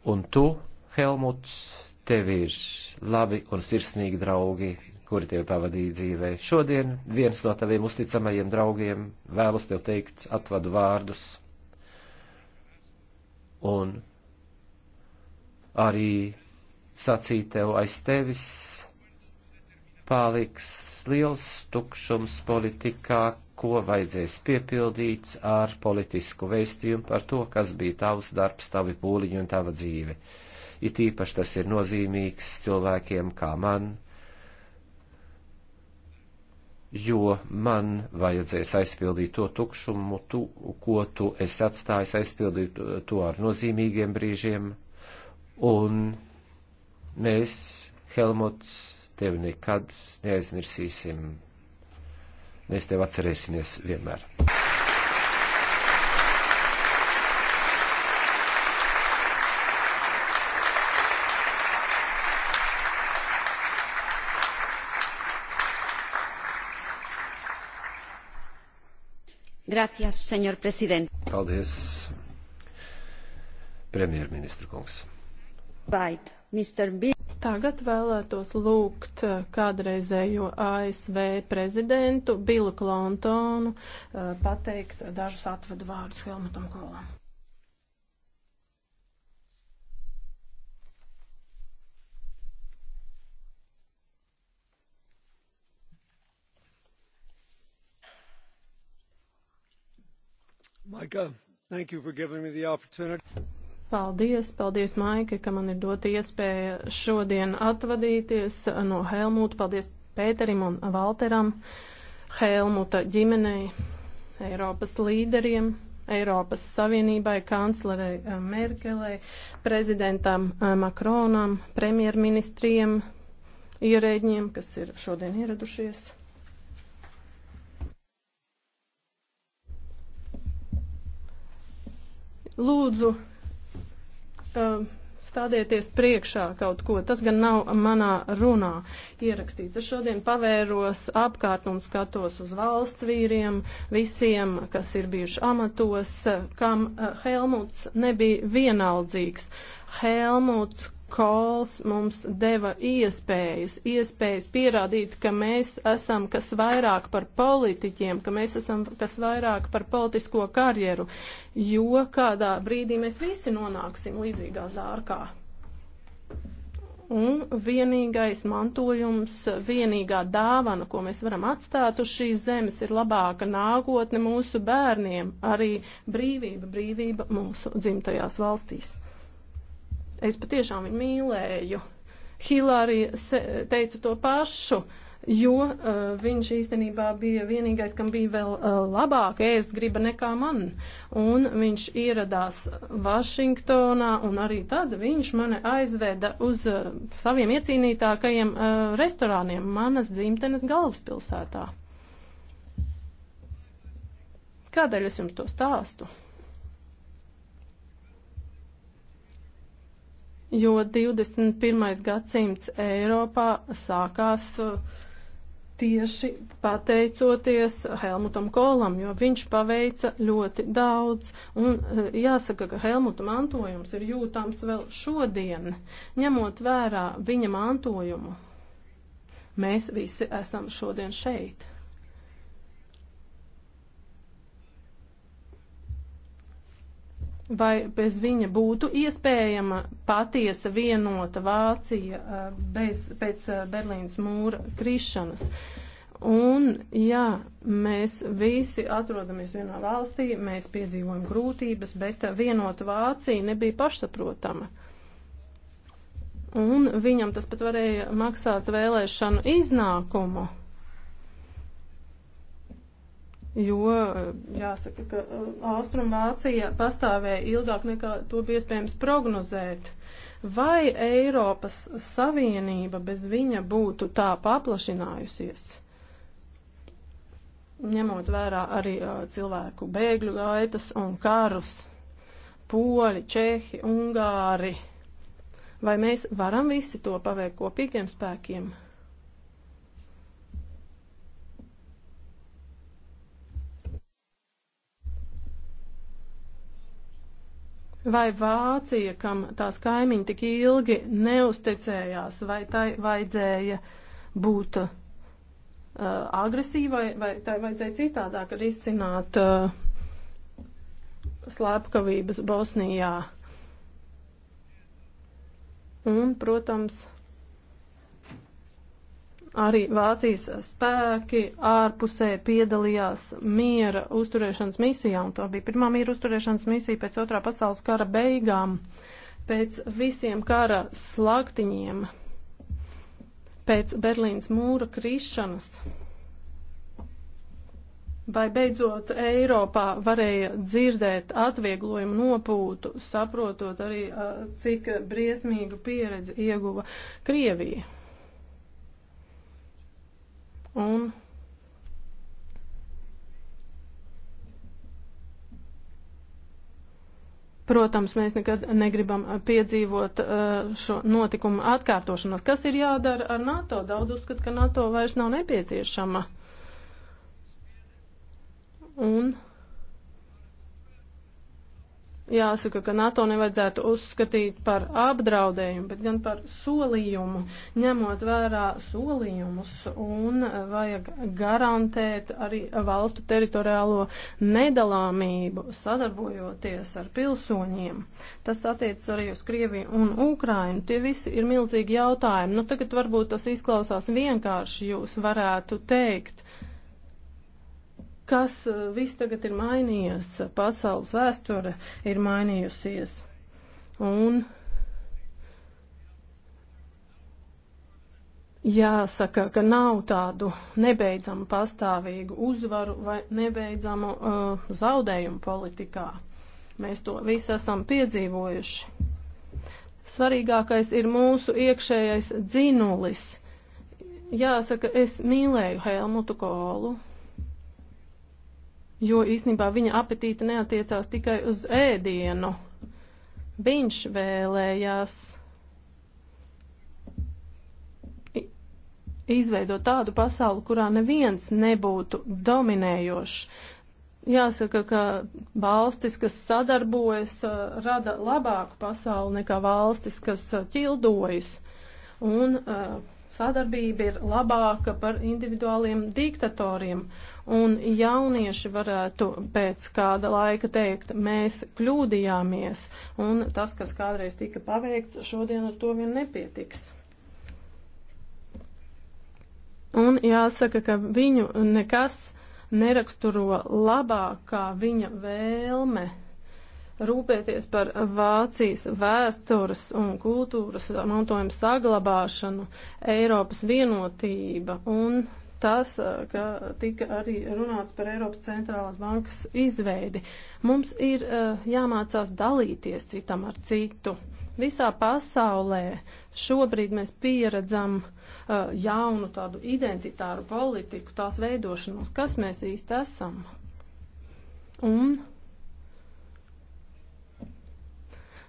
Un tu, Helmut, tev ir labi un sirsnīgi draugi, kuri tev pavadīja dzīvē. Šodien viens no taviem uzticamajiem draugiem vēlas tev teikt atvadu vārdus un arī sacīt tev aiz tevis paliks liels tukšums politikā, ko vajadzēs piepildīt ar politisku vēstījumu par to, kas bija tavs darbs, tavi pūliņi un tava dzīve. It īpaši tas ir nozīmīgs cilvēkiem kā man, jo man vajadzēs aizpildīt to tukšumu, tu, ko tu esi atstājis, aizpildīt to ar nozīmīgiem brīžiem, un mēs, Helmuts, tevi nekad neaizmirsīsim. Mēs tevi atcerēsimies vienmēr. Gracias, senor prezident. Paldies, premjerministra kungs. Bait, Mr. B. Tagad vēlētos lūgt eh, kādreizējo ASV prezidentu Bilu Klontonu eh, pateikt dažus atvadu vārdus Helmutam Kolam. Maika, thank you for giving me the opportunity. Paldies, paldies, Maika, ka man ir dota iespēja šodien atvadīties no Helmuta. Paldies Pēterim un Valteram, Helmuta ģimenei, Eiropas līderiem. Eiropas Savienībai, kanclerei eh, Merkelei, prezidentam eh, Makronam, premjerministriem, ierēģiem, kas ir šodien ieradušies. Lūdzu, um, stādieties priekšā kaut ko. Tas gan nav manā runā ierakstīts. Es šodien pavēros apkārt un skatos uz valsts vīriem, visiem, kas ir bijuši amatos, kam uh, Helmuts nebija vienaldzīgs. Helmuts kols mums deva iespējas, iespējas pierādīt, ka mēs esam kas vairāk par politiķiem, ka mēs esam kas vairāk par politisko karjeru, jo kādā brīdī mēs visi nonāksim līdzīgā zārkā. Un vienīgais mantojums, vienīgā dāvana, ko mēs varam atstāt uz šīs zemes, ir labāka nākotne mūsu bērniem, arī brīvība, brīvība mūsu dzimtajās valstīs. Es patiešām viņu mīlēju. Hilārija teica to pašu, jo uh, viņš īstenībā bija vienīgais, kam bija vēl uh, labāk ēst griba nekā man. Un viņš ieradās Vašingtonā, un arī tad viņš mani aizveda uz uh, saviem iecīnītākajiem uh, restorāniem manas dzimtenes galvaspilsētā. Kādēļ es jums to stāstu? jo 21. gadsimts Eiropā sākās uh, tieši pateicoties Helmutam Kolam, jo viņš paveica ļoti daudz. Un uh, jāsaka, ka Helmuta mantojums ir jūtams vēl šodien, ņemot vērā viņa mantojumu. Mēs visi esam šodien šeit. vai bez viņa būtu iespējama patiesa vienota Vācija eh, bez, pēc eh, Berlīnas mūra krišanas. Un, jā, mēs visi atrodamies vienā valstī, mēs piedzīvojam grūtības, bet eh, vienota Vācija nebija pašsaprotama. Un viņam tas pat varēja maksāt vēlēšanu iznākumu jo eh, jāsaka, ka eh, Austrumvācija pastāvēja ilgāk nekā to bija iespējams prognozēt. Vai Eiropas Savienība bez viņa būtu tā paplašinājusies, ņemot vērā arī eh, cilvēku bēgļu gaitas un karus, poļi, čehi, ungāri? Vai mēs varam visi to paveikt kopīgiem spēkiem? Vai Vācija, kam tās kaimiņi tik ilgi neusticējās, vai tai vajadzēja būt uh, agresīvai, vai tai vajadzēja citādāk arī izcināt uh, slēpkavības Bosnijā? Un, protams, Arī Vācijas spēki ārpusē piedalījās miera uzturēšanas misijā, un tā bija pirmā miera uzturēšanas misija pēc otrā pasaules kara beigām, pēc visiem kara slaktiņiem, pēc Berlīnas mūra krišanas. Vai beidzot Eiropā varēja dzirdēt atvieglojumu nopūtu, saprotot arī, cik briesmīgu pieredzi ieguva Krievija? Un Protams, mēs nekad negribam uh, piedzīvot uh, šo notikumu atkārtošanos. Kas ir jādara ar NATO? Daudz uzskat, ka NATO vairs nav nepieciešama. Un Jāsaka, ka NATO nevajadzētu uzskatīt par apdraudējumu, bet gan par solījumu, ņemot vērā solījumus un vajag garantēt arī valstu teritoriālo nedalāmību, sadarbojoties ar pilsoņiem. Tas attiecas arī uz Krieviju un Ukrainu. Tie visi ir milzīgi jautājumi. Nu, tagad varbūt tas izklausās vienkārši, jūs varētu teikt kas eh, viss tagad ir mainījies, pasaules vēsture ir mainījusies. Un jāsaka, ka nav tādu nebeidzamu pastāvīgu uzvaru vai nebeidzamu uh, eh, zaudējumu politikā. Mēs to visu esam piedzīvojuši. Svarīgākais ir mūsu iekšējais dzinulis. Jāsaka, es mīlēju Helmutu Kolu, jo īsnībā viņa apetīte neatiecās tikai uz ēdienu. Viņš vēlējās izveidot tādu pasauli, kurā neviens nebūtu dominējošs. Jāsaka, ka valstis, kas sadarbojas, rada labāku pasauli nekā valstis, kas ķildojas. Un sadarbība ir labāka par individuāliem diktatoriem. Uh, un jaunieši varētu pēc kāda laika teikt, mēs kļūdījāmies, un tas, kas kādreiz tika paveikts, šodien ar to vien nepietiks. Un jāsaka, ka viņu nekas neraksturo labāk kā viņa vēlme rūpēties par Vācijas vēstures un kultūras mantojuma saglabāšanu, Eiropas vienotība un tas, ka tika arī runāts par Eiropas centrālās bankas izveidi. Mums ir jāmācās dalīties citam ar citu. Visā pasaulē šobrīd mēs pieredzam uh, jaunu tādu identitāru politiku, tās veidošanos, kas mēs īsti esam. Un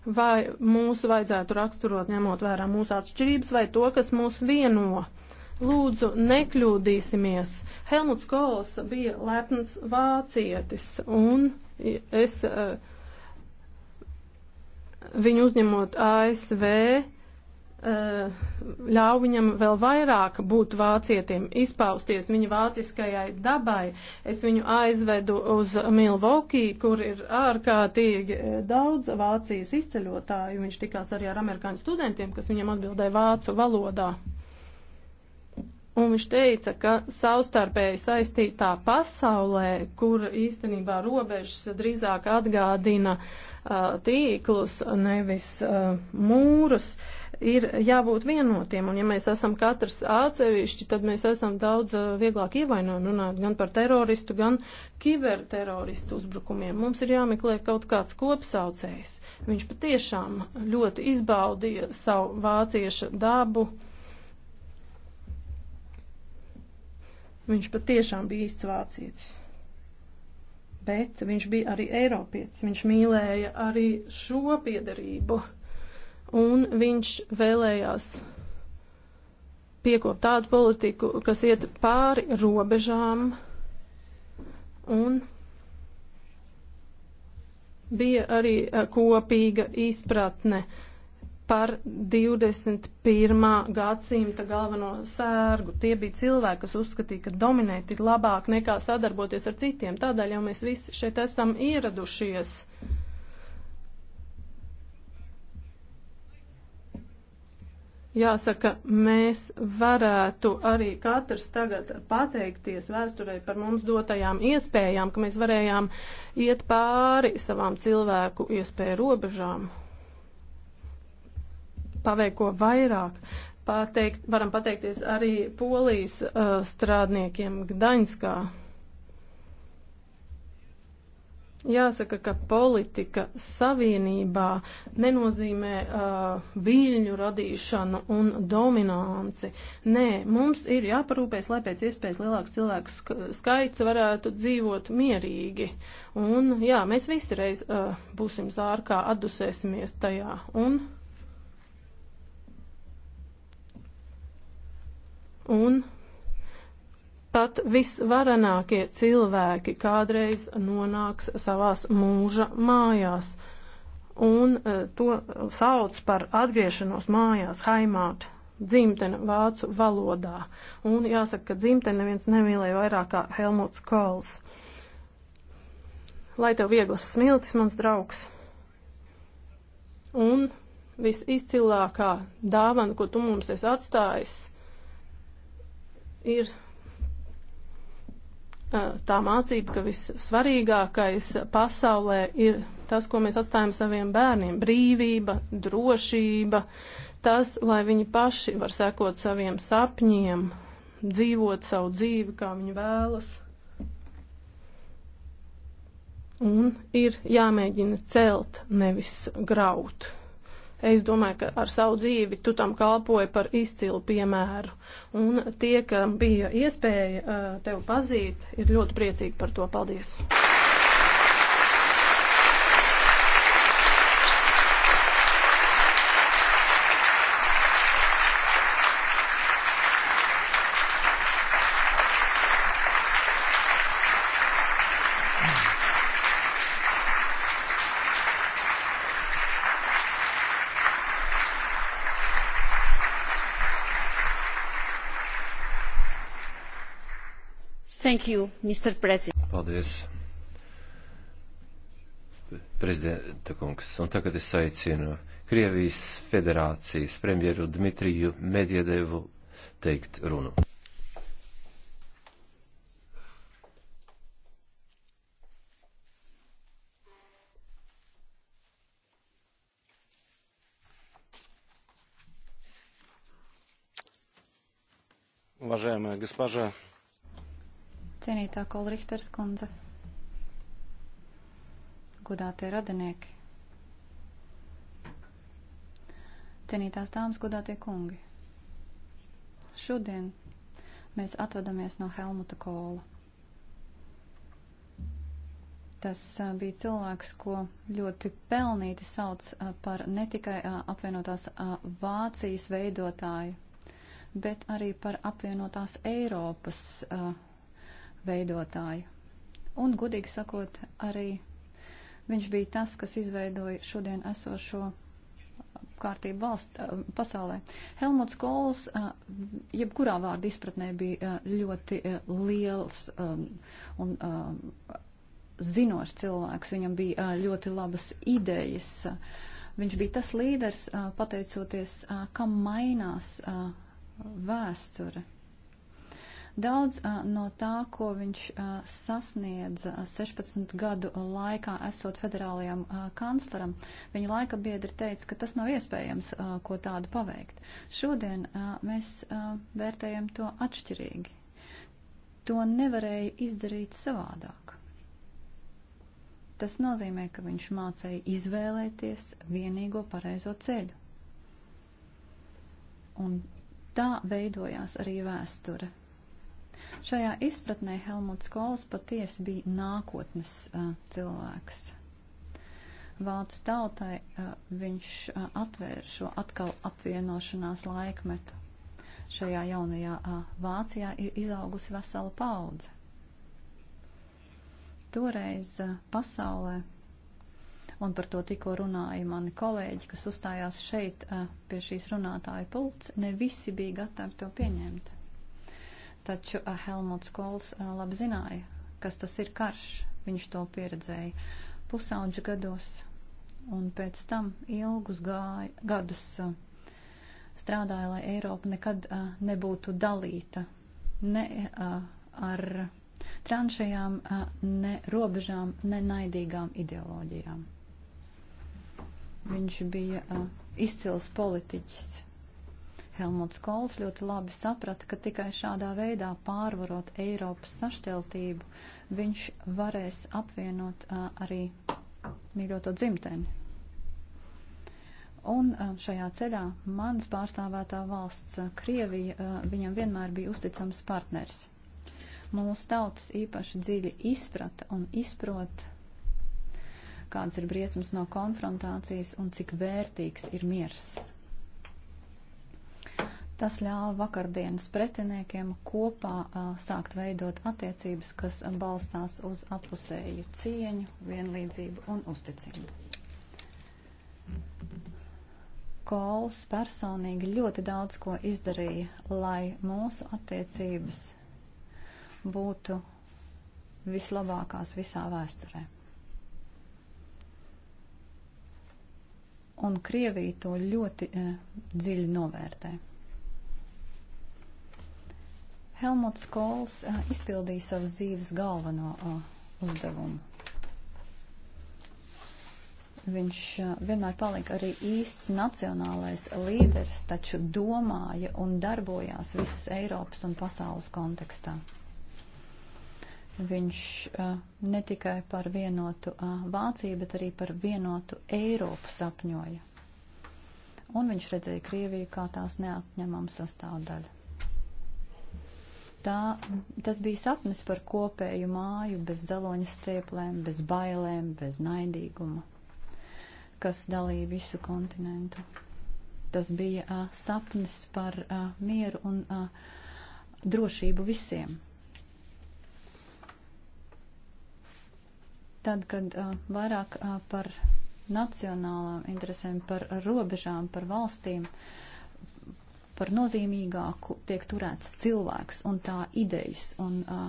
vai mūsu vajadzētu raksturot ņemot vērā mūsu atšķirības vai to, kas mūs vieno. Uh, Lūdzu, nekļūdīsimies. Helmuts Kols bija lepns vācietis, un es eh, viņu uzņemot ASV eh, ļauj viņam vēl vairāk būt vācietiem, izpausties viņa vāciskajai dabai. Es viņu aizvedu uz Milvokiju, kur ir ārkārtīgi eh, daudz Vācijas izceļotāju. Viņš tikās arī ar amerikāņu studentiem, kas viņam atbildēja vācu valodā. Un viņš teica, ka savstarpēji saistītā pasaulē, kur īstenībā robežas drīzāk atgādina uh, tīklus, nevis uh, mūrus, ir jābūt vienotiem. Un ja mēs esam katrs atsevišķi, tad mēs esam daudz uh, vieglāk ievainojami runāt gan par teroristu, gan kiberteroristu uzbrukumiem. Mums ir jāmeklē kaut kāds kopsaucējs. Viņš patiešām ļoti izbaudīja savu vācieša dabu. Uh, Viņš patiešām bija īsts vācietis. Bet viņš bija arī eiropietis. Viņš mīlēja arī šo piedarību. Un viņš vēlējās piekopt tādu politiku, kas iet pāri robežām. Un bija arī eh, kopīga izpratne. Uh, par 21. gadsimta galveno sērgu. Tie bija cilvēki, kas uzskatīja, ka dominēt ir labāk nekā sadarboties ar citiem. Tādēļ jau mēs visi šeit esam ieradušies. Jāsaka, mēs varētu arī katrs tagad pateikties vēsturei par mums dotajām iespējām, ka mēs varējām iet pāri savām cilvēku iespēju robežām paveiko vairāk. Pateikt, varam pateikties arī polijas uh, strādniekiem Gdaņskā. Jāsaka, ka politika savienībā nenozīmē uh, viļņu radīšanu un dominanci. Nē, mums ir jāparūpēs, lai pēc iespējas lielāks cilvēku sk skaits varētu dzīvot mierīgi. Un jā, mēs visi reiz uh, būsim zārkā, atdusēsimies tajā. Un Un pat visvarenākie cilvēki kādreiz nonāks savās mūža mājās. Un eh, to sauc par atgriešanos mājās, haimāt, dzimtene vācu valodā. Un jāsaka, ka dzimtene neviens nemīlēja vairāk kā Helmuts Kols. Lai tev vieglas smiltis, mans draugs. Un visizcilākā dāvana, ko tu mums esi atstājis, ir tā mācība, ka vissvarīgākais pasaulē ir tas, ko mēs atstājam saviem bērniem - brīvība, drošība, tas, lai viņi paši var sekot saviem sapņiem, dzīvot savu dzīvi, kā viņi vēlas. Un ir jāmēģina celt, nevis graut. Es domāju, ka ar savu dzīvi tu tam kalpoji par izcilu piemēru. Un tie, ka bija iespēja uh, tevi pazīt, ir ļoti priecīgi par to. Paldies! Thank you, Mr. President. Paldies. Prezidenta kungs, un tagad es aicinu Krievijas federācijas premjeru Dmitriju Medjedevu teikt runu. Уважаемая госпожа Cienītā Kolrihters kundze, godātie radinieki, cienītās dāmas, godātie kungi. Šodien mēs atvadamies no Helmuta Kola. Tas bija cilvēks, ko ļoti pelnīti sauc par ne tikai apvienotās Vācijas veidotāju, bet arī par apvienotās Eiropas veidotāju. Un, gudīgi sakot, arī viņš bija tas, kas izveidoja šodien esošo kārtību valst, eh, pasaulē. Helmuts Kols, eh, jebkurā vārda izpratnē, bija eh, ļoti liels un zinošs cilvēks. Viņam bija ļoti labas idejas. Viņš bija tas līders, pateicoties, kam mainās vēsture. Daudz no tā, ko viņš sasniedza 16 gadu laikā, esot federālajam kancleram, viņa laika biedri teica, ka tas nav iespējams, ko tādu paveikt. Šodien mēs vērtējam to atšķirīgi. To nevarēja izdarīt savādāk. Tas nozīmē, ka viņš mācēja izvēlēties vienīgo pareizo ceļu. Un tā veidojās arī vēsture. Šajā izpratnē Helmuts Kols patiesi bija nākotnes uh, cilvēks. Vācu tautai uh, viņš uh, atvēra šo atkal apvienošanās laikmetu. Šajā jaunajā uh, Vācijā ir izaugusi vesela paudze. Toreiz uh, pasaulē, un par to tikko runāja mani kolēģi, kas uzstājās šeit uh, pie šīs runātāja pults, ne visi bija gatavi to pieņemt. Taču eh, Helmuts Kols eh, labi zināja, kas tas ir karš. Viņš to pieredzēja pusaudža gados un pēc tam ilgus gāja, gadus eh, strādāja, lai Eiropa nekad nebūtu dalīta ne ar tranšajām, ne robežām, ne naidīgām ideoloģijām. Viņš bija izcils politiķis Helmuts Kols ļoti labi saprata, ka tikai šādā veidā pārvarot Eiropas sašķeltību, viņš varēs apvienot uh, arī mīļoto dzimteni. Un uh, šajā ceļā mans pārstāvētā valsts, uh, Krievija, uh, viņam vienmēr bija uzticams partners. Mūsu tautas īpaši dziļi izprata un izprot, kādas ir briesmas no konfrontācijas un cik vērtīgs ir miers. Tas ļāva vakardienas pretiniekiem kopā a, sākt veidot attiecības, kas balstās uz apusēju cieņu, vienlīdzību un uzticību. Kols personīgi ļoti daudz ko izdarīja, lai mūsu attiecības būtu vislabākās visā vēsturē. Un Krievija to ļoti e, dziļi novērtē. Helmuts Kols eh, izpildīja savas dzīves galveno eh, uzdevumu. Viņš eh, vienmēr palika arī īsts nacionālais līderis, taču domāja un darbojās visas Eiropas un pasaules kontekstā. Viņš ne tikai par vienotu Vāciju, bet arī par vienotu Eiropu sapņoja. Un viņš redzēja Krieviju kā tās neatņemama sastāvdaļa. Tā, tas bija sapnis par kopēju māju, bez daloņa stieplēm, bez bailēm, bez naidīguma, kas dalīja visu kontinentu. Tas bija uh, sapnis par uh, mieru un uh, drošību visiem. Tad, kad uh, vairāk uh, par nacionālām interesēm, par robežām, par valstīm, uh, par nozīmīgāku tiek turēts cilvēks un tā idejas un uh,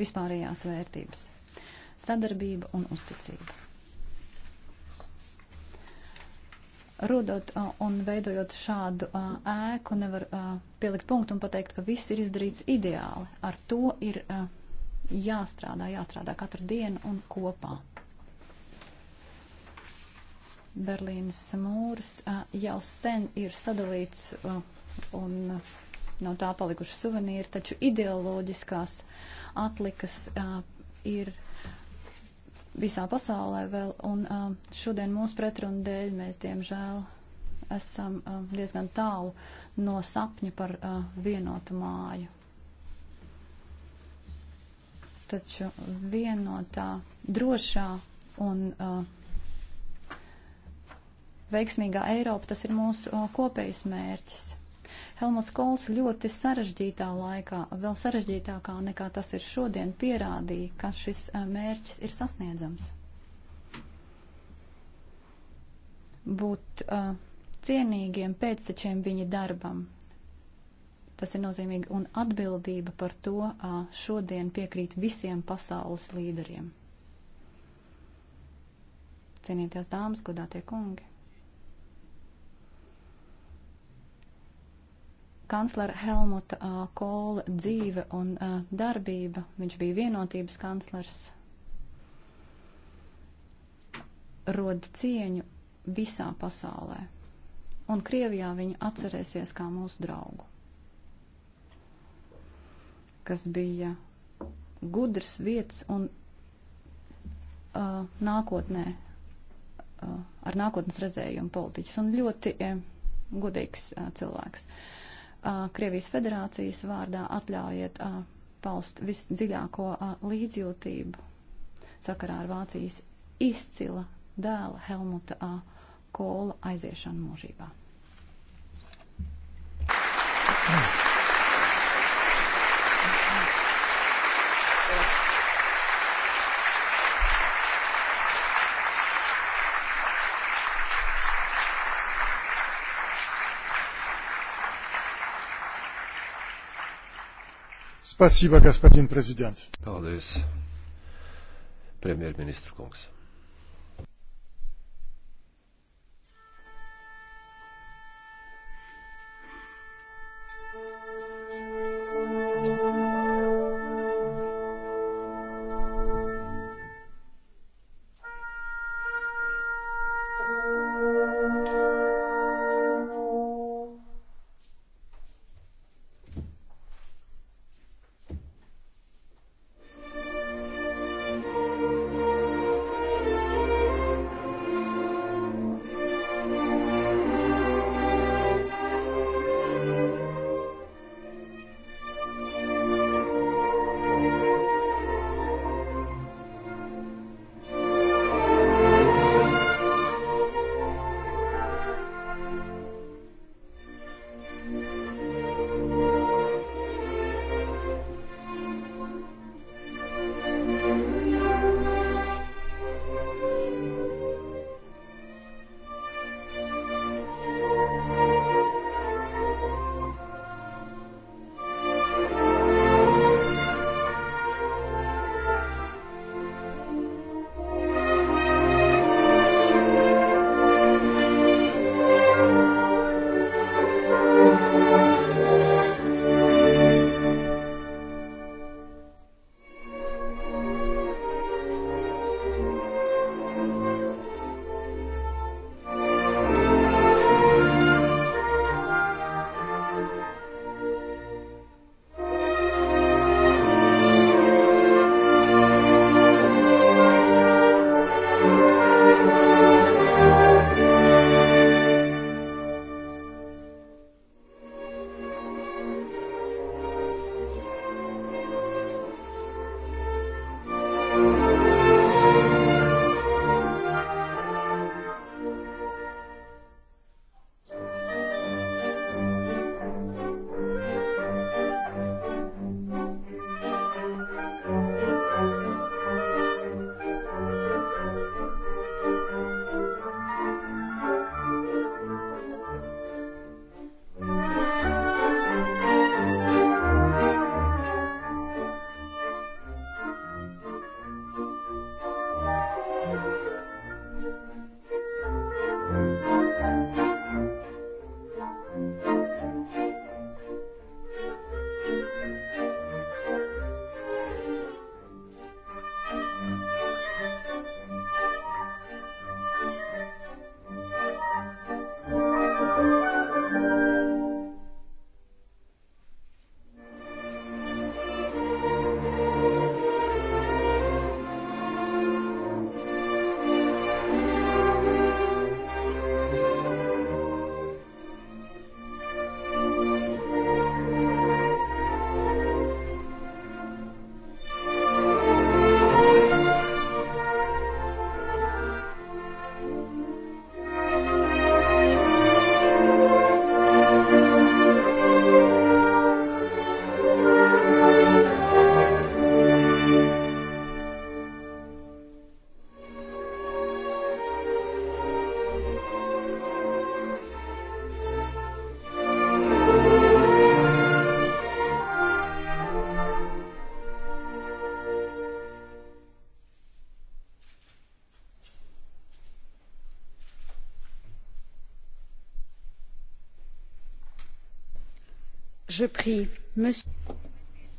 vispārējās vērtības. Sadarbība un uzticība. Rodot uh, un veidojot šādu uh, ēku, nevar uh, pielikt punktu un pateikt, ka viss ir izdarīts ideāli. Ar to ir uh, jāstrādā, jāstrādā katru dienu un kopā. Berlīnas mūrs jau sen ir sadalīts un no tā palikuši suvenīri, taču ideoloģiskās atlikas ir visā pasaulē vēl, un šodien mūsu pretrunu dēļ mēs, diemžēl, esam diezgan tālu no sapņa par vienotu māju. Taču vienotā, drošā un uh, veiksmīgā Eiropa, tas ir mūsu kopējs mērķis. Helmuts Kols ļoti sarežģītā laikā, vēl sarežģītākā nekā tas ir šodien, pierādīja, ka šis e, mērķis ir sasniedzams. Būt uh, cienīgiem pēctečiem viņa darbam. Tas ir nozīmīgi, un atbildība par to uh, šodien piekrīt visiem pasaules līderiem. Cienītās dāmas, godātie kungi! kanclera Helmuta Kola dzīve un darbība. Viņš bija vienotības kanclers. Roda cieņu visā pasaulē. Un Krievijā viņu atcerēsies kā mūsu draugu, kas bija gudrs vietas un uh, nākotnē, uh, ar nākotnes redzējumu politiķis un ļoti uh, godīgs uh, cilvēks. Uh, Krievijas federācijas vārdā atļaujiet paust visdziļāko līdzjūtību sakarā ar Vācijas izcila dēla Helmuta Kola aiziešanu mūžībā. Spasība, gaspadien prezident. Paldies, premjerministru kungs.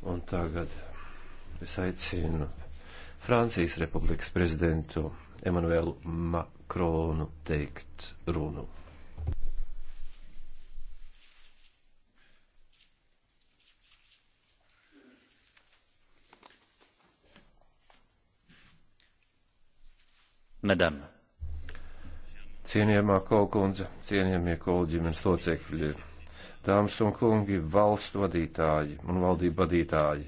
Un tagad es aicinu Francijas Republikas prezidentu Emanuelu Makronu teikt runu. Madam. Cienījamā kolkundze, cienījamie kolģi, mēs locekļi dāmas un kungi, valstu vadītāji un valdību vadītāji,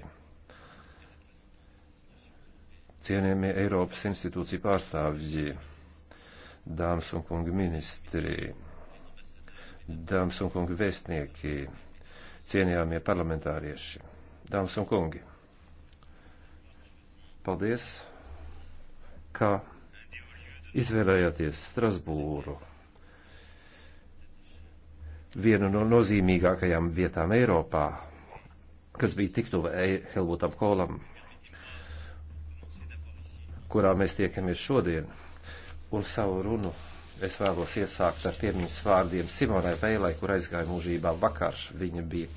cienījamie Eiropas institūciju pārstāvji, dāmas un kungi ministri, dāmas un kungi vēstnieki, cienījamie parlamentārieši, dāmas un kungi. Paldies, ka izvēlējāties Strasbūru vienu no nozīmīgākajām vietām Eiropā, kas bija tik tuva e- Helmutam Kolam, kurā mēs tiekamies šodien. Un savu runu es vēlos iesākt ar piemiņas vārdiem Simonai Veilai, kur aizgāja mūžībā vakar. Viņa bija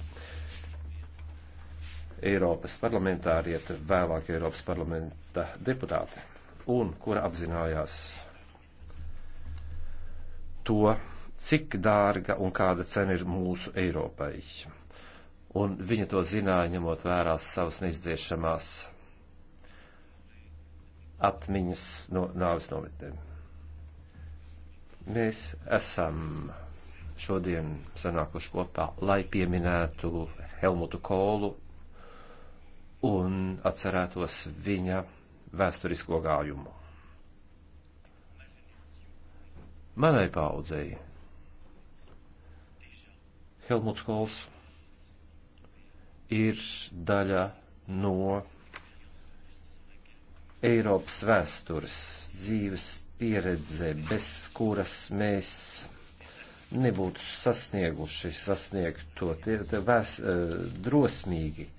Eiropas parlamentārieta, vēlāk Eiropas parlamenta deputāte, un kura apzinājās to, cik dārga un kāda cena ir mūsu Eiropai. Un viņa to zināja, ņemot vērā savas neizdziešamās atmiņas no nāves nometnēm. Mēs esam šodien sanākuši kopā, lai pieminētu Helmutu Kolu un atcerētos viņa vēsturisko gājumu. Manai paudzei Helmuts Kols ir daļa no Eiropas vēstures dzīves pieredze, bez kuras mēs nebūtu sasnieguši, sasniegt to vēs, eh, drosmīgi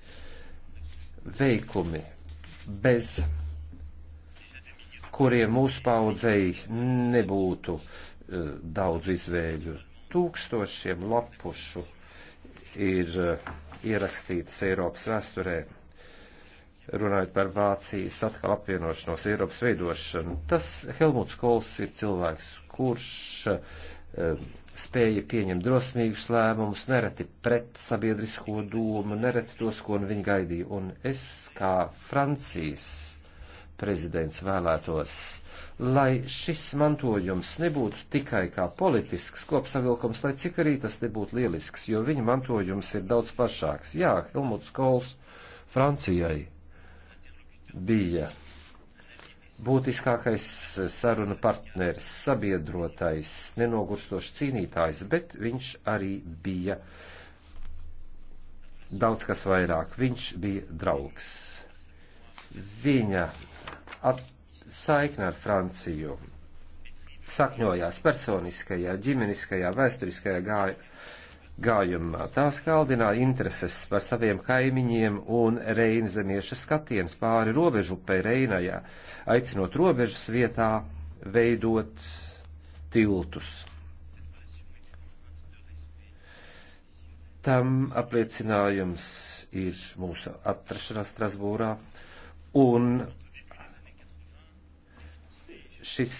veikumi, bez kuriem mūsu paudzei nebūtu eh, daudz izvēļu tūkstošiem lapušu ir eh, ierakstītas Eiropas vēsturē, runājot par Vācijas atkal apvienošanos, Eiropas veidošanu. Tas Helmuts Kols ir cilvēks, kurš eh, spēja pieņemt drosmīgus lēmumus, nereti pret sabiedrisko domu, nereti tos, ko nu viņi gaidīja. Un es kā Francijas prezidents vēlētos lai šis mantojums nebūtu tikai kā politisks kopsavilkums, lai cik arī tas nebūtu lielisks, jo viņa mantojums ir daudz plašāks. Jā, Helmuts Kols Francijai bija būtiskākais saruna partneris, sabiedrotais, nenogurstošs cīnītājs, bet viņš arī bija daudz kas vairāk. Viņš bija draugs. Viņa at saikne ar Franciju sakņojās personiskajā, ģimeniskajā, vēsturiskajā gāju, gājumā. Tās kaldināja intereses par saviem kaimiņiem un reinzemieša skatiens pāri robežu upei Reinajā, aicinot robežas vietā veidot tiltus. Tam apliecinājums ir mūsu aptrašanās Strasbūrā un šis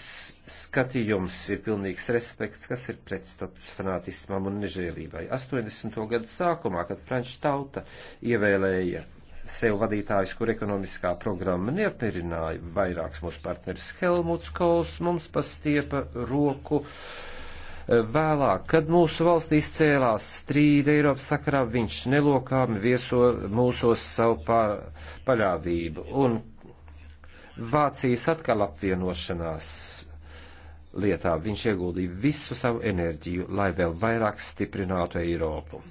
skatījums ir pilnīgs respekts, kas ir pretstats fanātismam un nežēlībai. 80. gadu sākumā, kad Franča tauta ievēlēja sev vadītājus, kur ekonomiskā programma neapmierināja vairākus mūsu partnerus, Helmuts Kols mums pastiepa roku. E, vēlāk, kad mūsu valstī izcēlās strīda Eiropas sakarā, viņš nelokāmi vieso mūsos savu pa, paļāvību. Un Vācijas atkal apvienošanās lietā. Viņš ieguldīja visu savu enerģiju, lai vēl vairāk stiprinātu Eiropu.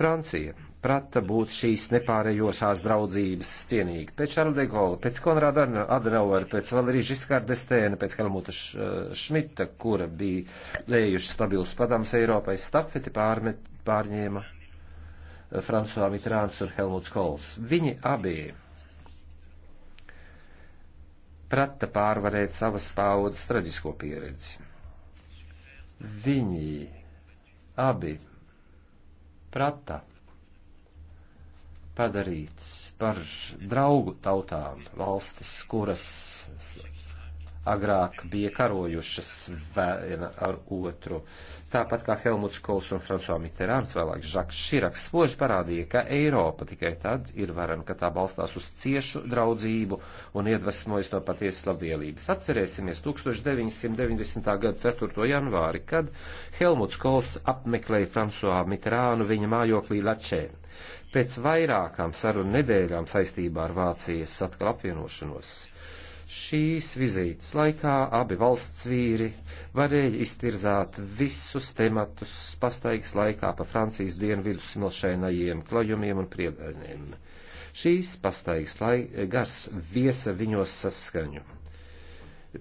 Francija prata būt šīs nepārējošās draudzības cienīga. Pēc Charles de Gaulle, pēc Konrada Adenauera, pēc Valerija Žiskārda Stēna, pēc Helmuta eh, Šmita, kura bija lējuši stabils padams Eiropai, stafeti pārmet, pārņēma eh, François Mitrāns un Helmuts Kols. Viņi abi prata pārvarēt savas paudzes traģisko pieredzi. Viņi abi prata padarīts par draugu tautām valstis, kuras agrāk bija karojušas viena ar otru. Tāpat kā Helmuts Kols un François Mitterāns, vēlāk Žaks Širaks spoži parādīja, ka Eiropa tikai tad ir varena, ka tā balstās uz ciešu draudzību un iedvesmojas no patiesas labvēlības. Atcerēsimies 1990. gada 4. janvāri, kad Helmuts Kols apmeklēja François Mitterānu viņa mājoklī Lačē. Pēc vairākām sarunu nedēļām saistībā ar Vācijas atkal apvienošanos Šīs vizītes laikā abi valsts vīri varēja iztirzāt visus tematus pastaigas laikā pa Francijas dienvidu smilšainajiem klajumiem un priedaļiem. Šīs pastaigas lai gars viesa viņos saskaņu.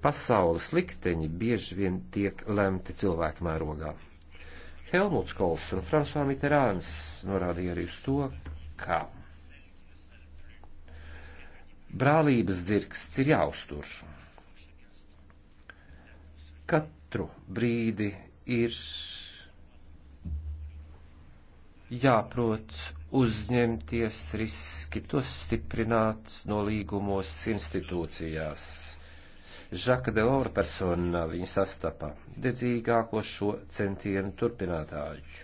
Pasaules likteņi bieži vien tiek lemti cilvēku mērogā. Helmuts Kols un François Mitterāns norādīja arī uz to, ka brālības dzirksts ir jāuztur. Katru brīdi ir jāprot uzņemties riski, tos stiprināt no līgumos institūcijās. Žaka de Lora persona viņa sastapa dedzīgāko šo centienu turpinātāju.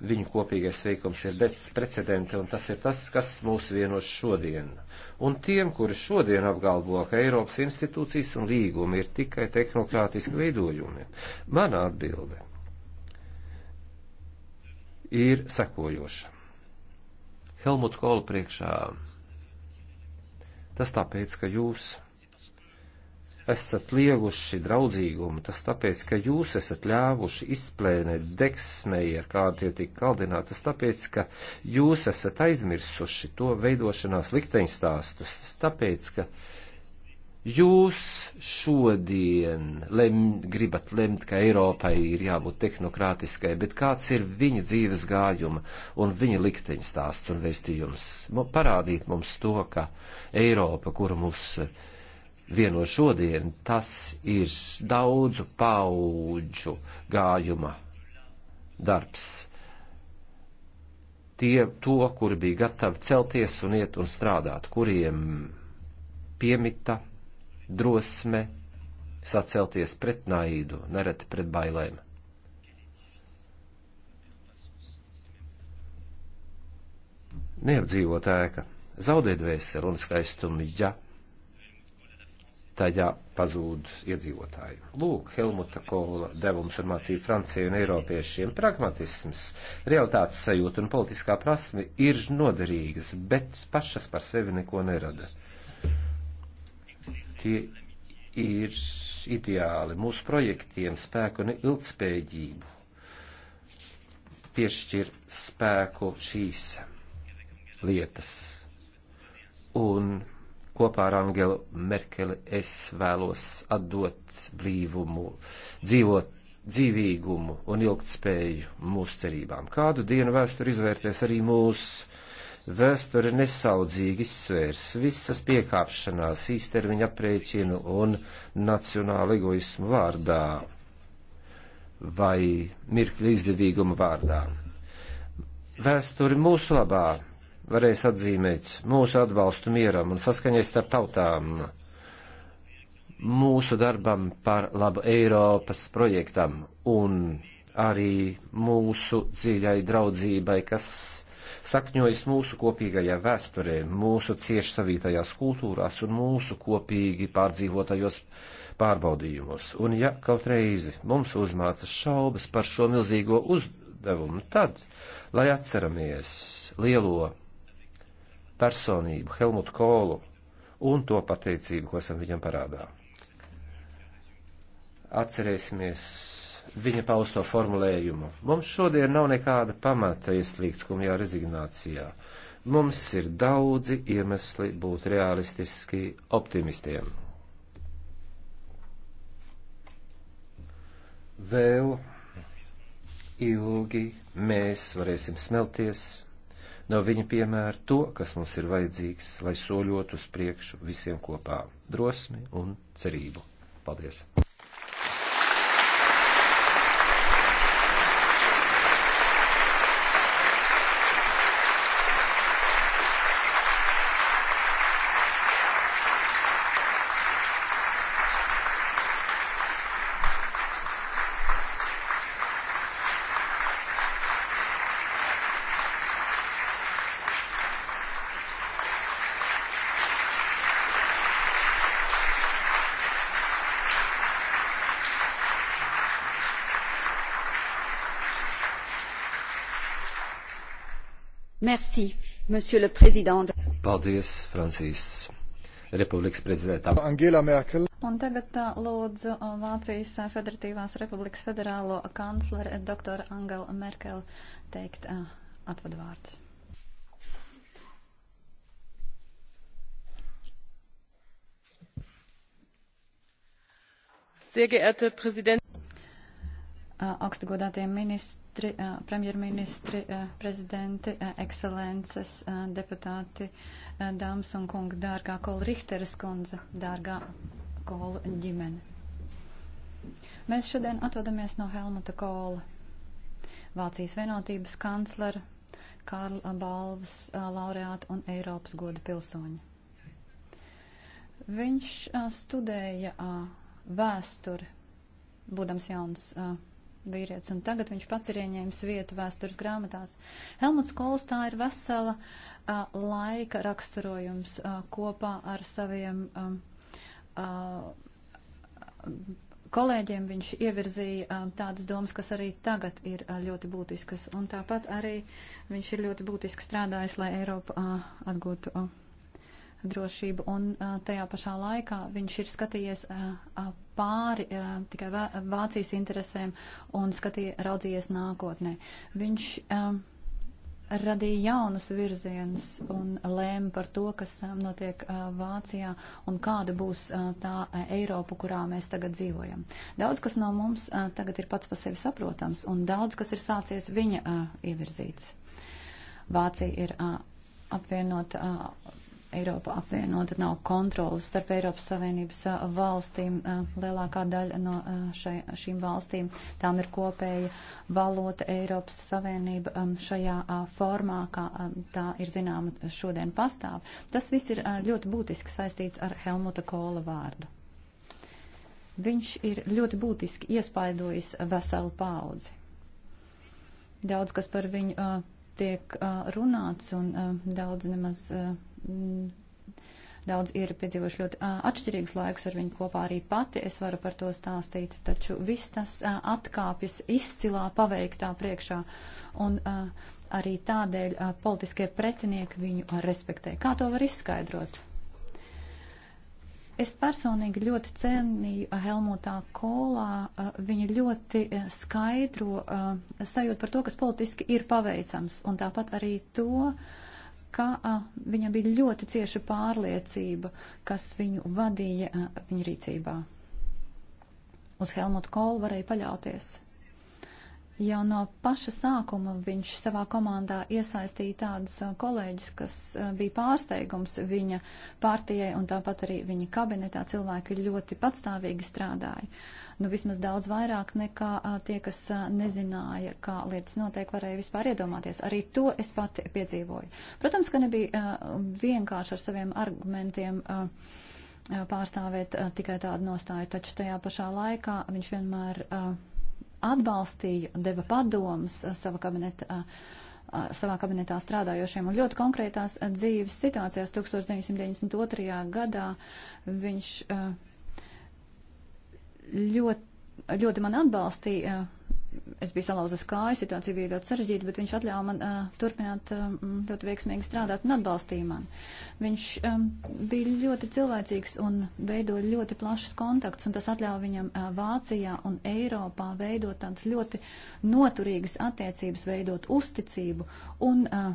Viņu kopīgais veikums ir bezprecedenta, un tas ir tas, kas mūs vienos šodien. Un tiem, kuri šodien apgalvo, ka Eiropas institūcijas un līgumi ir tikai tehnokrātiski veidojumi, mana atbilde ir sekojoša. Helmut Kola priekšā. Tas tāpēc, ka jūs esat lieguši draudzīgumu, tas tāpēc, ka jūs esat ļāvuši izplēnēt deksmei, ar kādu tie tika kaldināti, tas tāpēc, ka jūs esat aizmirsuši to veidošanās likteņstāstus, tas tāpēc, ka jūs šodien lem, gribat lemt, ka Eiropai ir jābūt tehnokrātiskai, bet kāds ir viņa dzīves gājuma un viņa likteņstāsts un vēstījums? Parādīt mums to, ka Eiropa, kuru mums vieno šodien, tas ir daudzu paudžu gājuma darbs. Tie, to, kuri bija gatavi celties un iet un strādāt, kuriem piemita drosme sacelties pret naidu, nereti pret bailēm. Neapdzīvot ēka, zaudēt vēseli un skaistumu, ja tajā pazūd iedzīvotāji. Lūk, Helmuta Kola devums un mācība Francijai un Eiropiešiem pragmatisms, realitātes sajūta un politiskā prasme ir noderīgas, bet pašas par sevi neko nerada. Tie ir ideāli mūsu projektiem spēku un ilgspējību. Piešķir spēku šīs lietas. Un kopā ar Angelu Merkeli es vēlos atdot blīvumu, dzīvot dzīvīgumu un ilgtspēju mūsu cerībām. Kādu dienu vēsture izvērtēs arī mūsu. Vēsture nesaudzīgi izsvērs visas piekāpšanās īstermiņa aprēķinu un nacionālu egoismu vārdā vai mirkļa izdevīguma vārdā. Vēsture mūsu labā varēs atzīmēt mūsu atbalstu mieram un saskaņai starp tautām, mūsu darbam par labu Eiropas projektam un arī mūsu dziļai draudzībai, kas sakņojas mūsu kopīgajā vēsturē, mūsu cieši savītajās kultūrās un mūsu kopīgi pārdzīvotajos pārbaudījumos. Un ja kaut reizi mums uzmāca šaubas par šo milzīgo uzdevumu, tad, lai atceramies lielo personību, Helmutu Kolu un to pateicību, ko esam viņam parādā. Atcerēsimies viņa pausto formulējumu. Mums šodien nav nekāda pamata ieslīgt skumjā rezignācijā. Mums ir daudzi iemesli būt realistiski optimistiem. Vēl ilgi mēs varēsim smelties no viņa piemēra to, kas mums ir vajadzīgs, lai soļot uz priekšu visiem kopā - drosmi un cerību. Paldies! Merci, monsieur le président. Paldies, Francijas republikas prezidentam. Angela Merkel. Un tagad uh, lūdzu uh, Vācijas Federatīvās republikas federālo kancleru dr. Angela Merkel teikt uh, atvadu vārdus. Sehr geehrte Präsidentin! augstagodātie ministri, premjerministri, prezidenti, ekscelences, deputāti, dāmas un kungi, dārgā Kola Richteres kundze, dārgā Kola ģimene. Mēs šodien atrodamies no Helmuta Kola, Vācijas vienotības kanclera, Kārla balvas laureāta un Eiropas goda pilsoņa. Viņš studēja vēsturi, būdams jauns vīrietis, un tagad viņš pats ir ieņēmis vietu vēstures grāmatās. Helmuts Kols tā ir vesela a, laika raksturojums a, kopā ar saviem a, a, kolēģiem. Viņš ievirzīja a, tādas domas, kas arī tagad ir a, ļoti būtiskas, un tāpat arī viņš ir ļoti būtiski strādājis, lai Eiropa a, atgūtu. A, drošību, un tajā pašā laikā viņš ir skatījies pāri tikai Vācijas interesēm un skatīja, raudzījies nākotnē. Viņš radīja jaunus virzienus un lēma par to, kas notiek Vācijā un kāda būs tā Eiropa, kurā mēs tagad dzīvojam. Daudz kas no mums tagad ir pats par sevi saprotams un daudz kas ir sācies viņa ievirzīts. Vācija ir apvienota Eiropa apvienota, nav kontrolas starp Eiropas Savienības valstīm. Lielākā daļa no šai, šīm valstīm tām ir kopēja valota Eiropas Savienība šajā formā, kā tā ir zināma šodien pastāv. Tas viss ir ļoti būtiski saistīts ar Helmuta Kola vārdu. Viņš ir ļoti būtiski iespaidojis veselu paudzi. Daudz kas par viņu uh, tiek uh, runāts, un uh, daudz nemaz. Uh, Daudz ir piedzīvojuši ļoti uh, atšķirīgus laikus ar viņu kopā arī pati. Es varu par to stāstīt, taču viss tas uh, atkāpjas izcilā paveiktā priekšā. Un uh, arī tādēļ uh, politiskie pretinieki viņu respektē. Kā to var izskaidrot? Es personīgi ļoti cienīju eh, Helmutā Kolā. Eh, viņa ļoti eh, skaidro sajūtu par to, kas politiski ir paveicams, un tāpat arī to, ka viņam bija ļoti cieša pārliecība, kas viņu vadīja viņa rīcībā. Uz Helmuta Kolu varēja paļauties. Jau no paša sākuma viņš savā komandā iesaistīja tādus uh, kolēģus, kas uh, bija pārsteigums viņa partijai, un tāpat arī viņa kabinetā cilvēki ļoti patstāvīgi strādāja. Nu, vismaz daudz vairāk nekā uh, tie, kas nezināja, kā lietas notiek, varēja vispār iedomāties. Arī to es pati piedzīvoju. Protams, ka nebija vienkārši ar saviem argumentiem pārstāvēt tikai tādu nostāju, taču tajā pašā laikā viņš vienmēr. Uh, atbalstīja un deva padomus uh, sava kabineta, uh, uh, savā kabinetā strādājošiem. Un ļoti konkrētās dzīves situācijās 1992. gadā viņš ļoti, ļoti man atbalstīja es biju salauzus kāju, situācija bija ļoti sarežģīta, bet viņš atļāva man uh, turpināt um, ļoti veiksmīgi strādāt un atbalstīja mani. Viņš um, bija ļoti cilvēcīgs un veidoja ļoti plašus kontaktus, un tas atļāva viņam uh, Vācijā un Eiropā veidot tādas ļoti noturīgas attiecības, veidot uzticību un uh,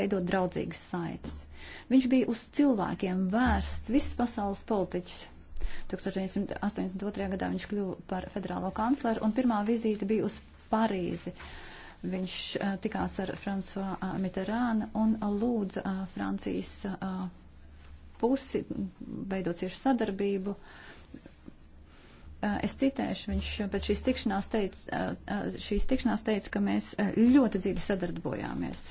veidot draudzīgas saites. Viņš bija uz cilvēkiem vērsts, viss pasaules politiķis 1982. gadā viņš kļuva par federālo kancleru, un pirmā vizīte bija uz Parīzi. Viņš uh, tikās ar François Mitterānu un lūdza uh, Francijas uh, pusi, veidot ciešu sadarbību. Es citēšu, viņš pēc šīs tikšanās teica, šīs tikšanās teica ka mēs ļoti dziļi sadarbojāmies.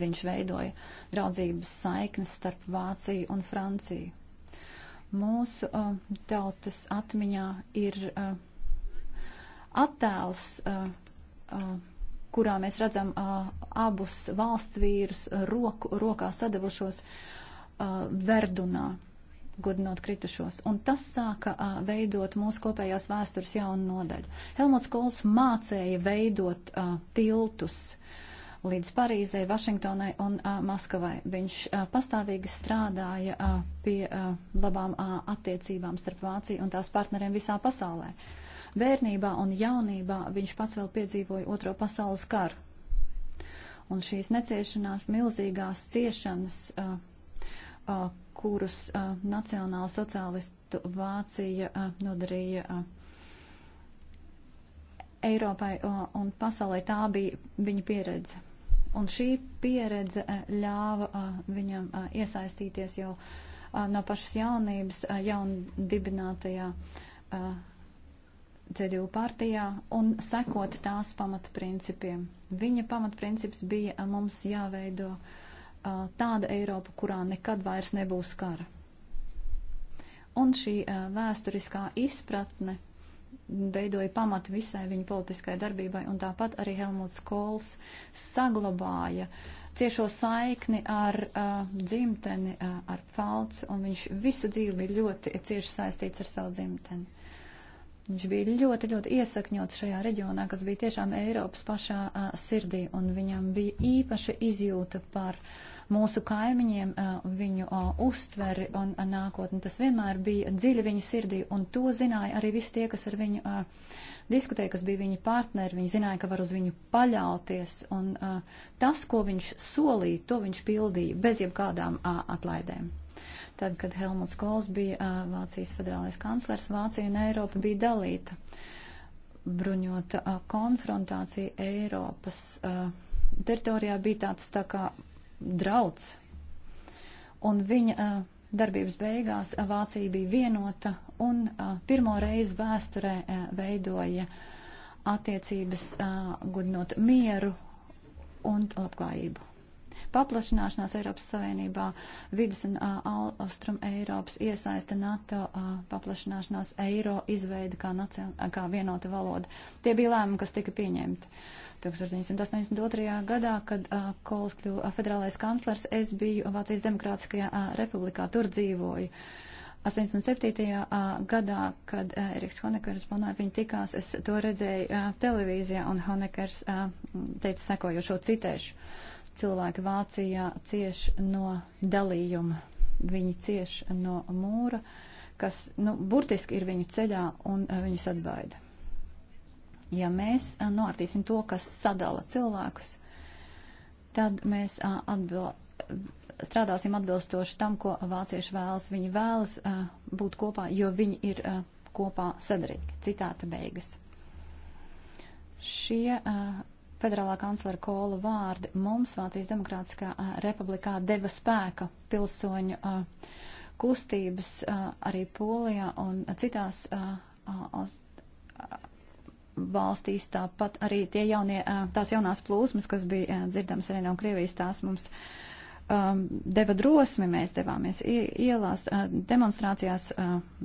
Viņš veidoja draudzības saiknes starp Vāciju un Franciju Mūsu uh, tautas atmiņā ir uh, attēls, uh, uh, kurā mēs redzam uh, abus valsts vīrus roku, rokā sadavušos uh, verdunā godinot kritušos. Un tas sāka uh, veidot mūsu kopējās vēstures jaunu nodaļu. Helmuts Kols mācēja veidot uh, tiltus uh, līdz Parīzē, Vašingtonai un uh, Maskavai. Viņš uh, pastāvīgi strādāja uh, pie uh, labām uh, attiecībām starp Vāciju un tās partneriem visā pasaulē. Bērnībā un jaunībā viņš pats vēl piedzīvoja Otro pasaules karu. Un šīs neciešanās, milzīgās ciešanas, uh, uh, kurus uh, Nacionāla sociālistu Vācija uh, nodarīja. Uh, Eiropai un pasaulē tā bija viņa pieredze. Un šī pieredze eh, ļāva eh, viņam eh, iesaistīties jau no pašas jaunības jaundibinātajā CDU partijā un sekot tās pamatprincipiem. Viņa pamatprincips bija mums jāveido tāda Eiropa, kurā nekad vairs nebūs kara. Un šī vēsturiskā izpratne veidoja pamatu visai viņa politiskai darbībai, un tāpat arī Helmuts Kols saglabāja ciešo saikni ar uh, dzimteni, uh, ar falci, un viņš visu dzīvi bija ļoti cieši saistīts ar savu dzimteni. Viņš bija ļoti, ļoti iesakņots šajā reģionā, kas bija tiešām Eiropas pašā uh, sirdī, un viņam bija īpaša izjūta par uh, mūsu kaimiņiem viņu uztveri un nākotni. Tas vienmēr bija dziļi viņa sirdī, un to zināja arī visi tie, kas ar viņu diskutēja, kas bija viņa partneri. Viņi zināja, ka var uz viņu paļauties, un tas, ko viņš solīja, to viņš pildīja bez jebkādām atlaidēm. Tad, kad Helmuts Kols bija Vācijas federālais kanclers, Vācija un Eiropa bija dalīta. Bruņota konfrontācija Eiropas teritorijā bija tāds tā kā drauds. Un viņa darbības beigās Vācija bija vienota un pirmo reizi vēsturē veidoja attiecības gudinot mieru un labklājību. Paplašināšanās Eiropas Savienībā, vidus un austrum Eiropas iesaista NATO paplašināšanās eiro izveida kā, nacion... kā vienota valoda. Tie bija lēmumi, kas tika pieņemti. Uh, 1982. gadā, kad uh, Kols kļuva uh, federālais kanclers, es biju Vācijas Demokrātiskajā uh, republikā, tur dzīvoju. 87. Uh, gadā, kad uh, Eriks Honekers un viņa tikās, es to redzēju uh, televīzijā, un Honekers uh, teica sekojošo citēšu. Cilvēki Vācijā cieš no dalījuma, viņi cieš no mūra, kas, nu, burtiski ir viņu ceļā un uh, viņus atbaida. Ja mēs novērtīsim to, kas sadala cilvēkus, tad mēs atbil, strādāsim atbilstoši tam, ko vācieši vēlas. Viņi vēlas būt kopā, jo viņi ir kopā sadarīgi. Citāta beigas. Šie federālā kanclera Kola vārdi mums Vācijas Demokrātiskā republikā deva spēka pilsoņu kustības arī Polijā un citās valstīs, tāpat arī tie jaunie, tās jaunās plūsmas, kas bija dzirdamas arī no Krievijas, tās mums um, deva drosmi, mēs devāmies ielās, demonstrācijās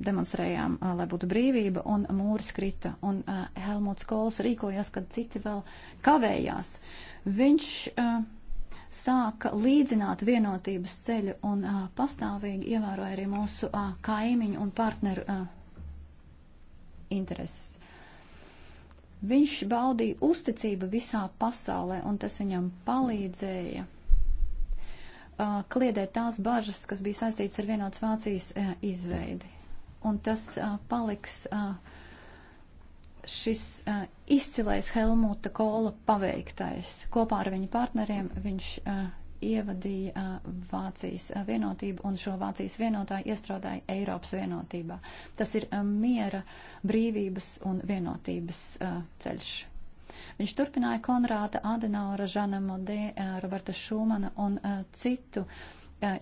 demonstrējām, lai būtu brīvība, un mūris krita, un Helmuts Kols rīkojās, kad citi vēl kavējās. Viņš uh, sāka līdzināt vienotības ceļu un uh, pastāvīgi ievēroja arī mūsu uh, kaimiņu un partneru uh, intereses. Viņš baudīja uzticību visā pasaulē, un tas viņam palīdzēja uh, kliedēt tās bažas, kas bija saistīts ar vienotas Vācijas uh, izveidi. Un tas uh, paliks uh, šis uh, izcilais Helmuta Kola paveiktais. Kopā ar viņa partneriem viņš uh, ievadīja Vācijas vienotību un šo Vācijas vienotāju iestrādāja Eiropas vienotībā. Tas ir miera, brīvības un vienotības ceļš. Viņš turpināja Konrāda Adenaura, Žana Modē, Roberta Šumana un citu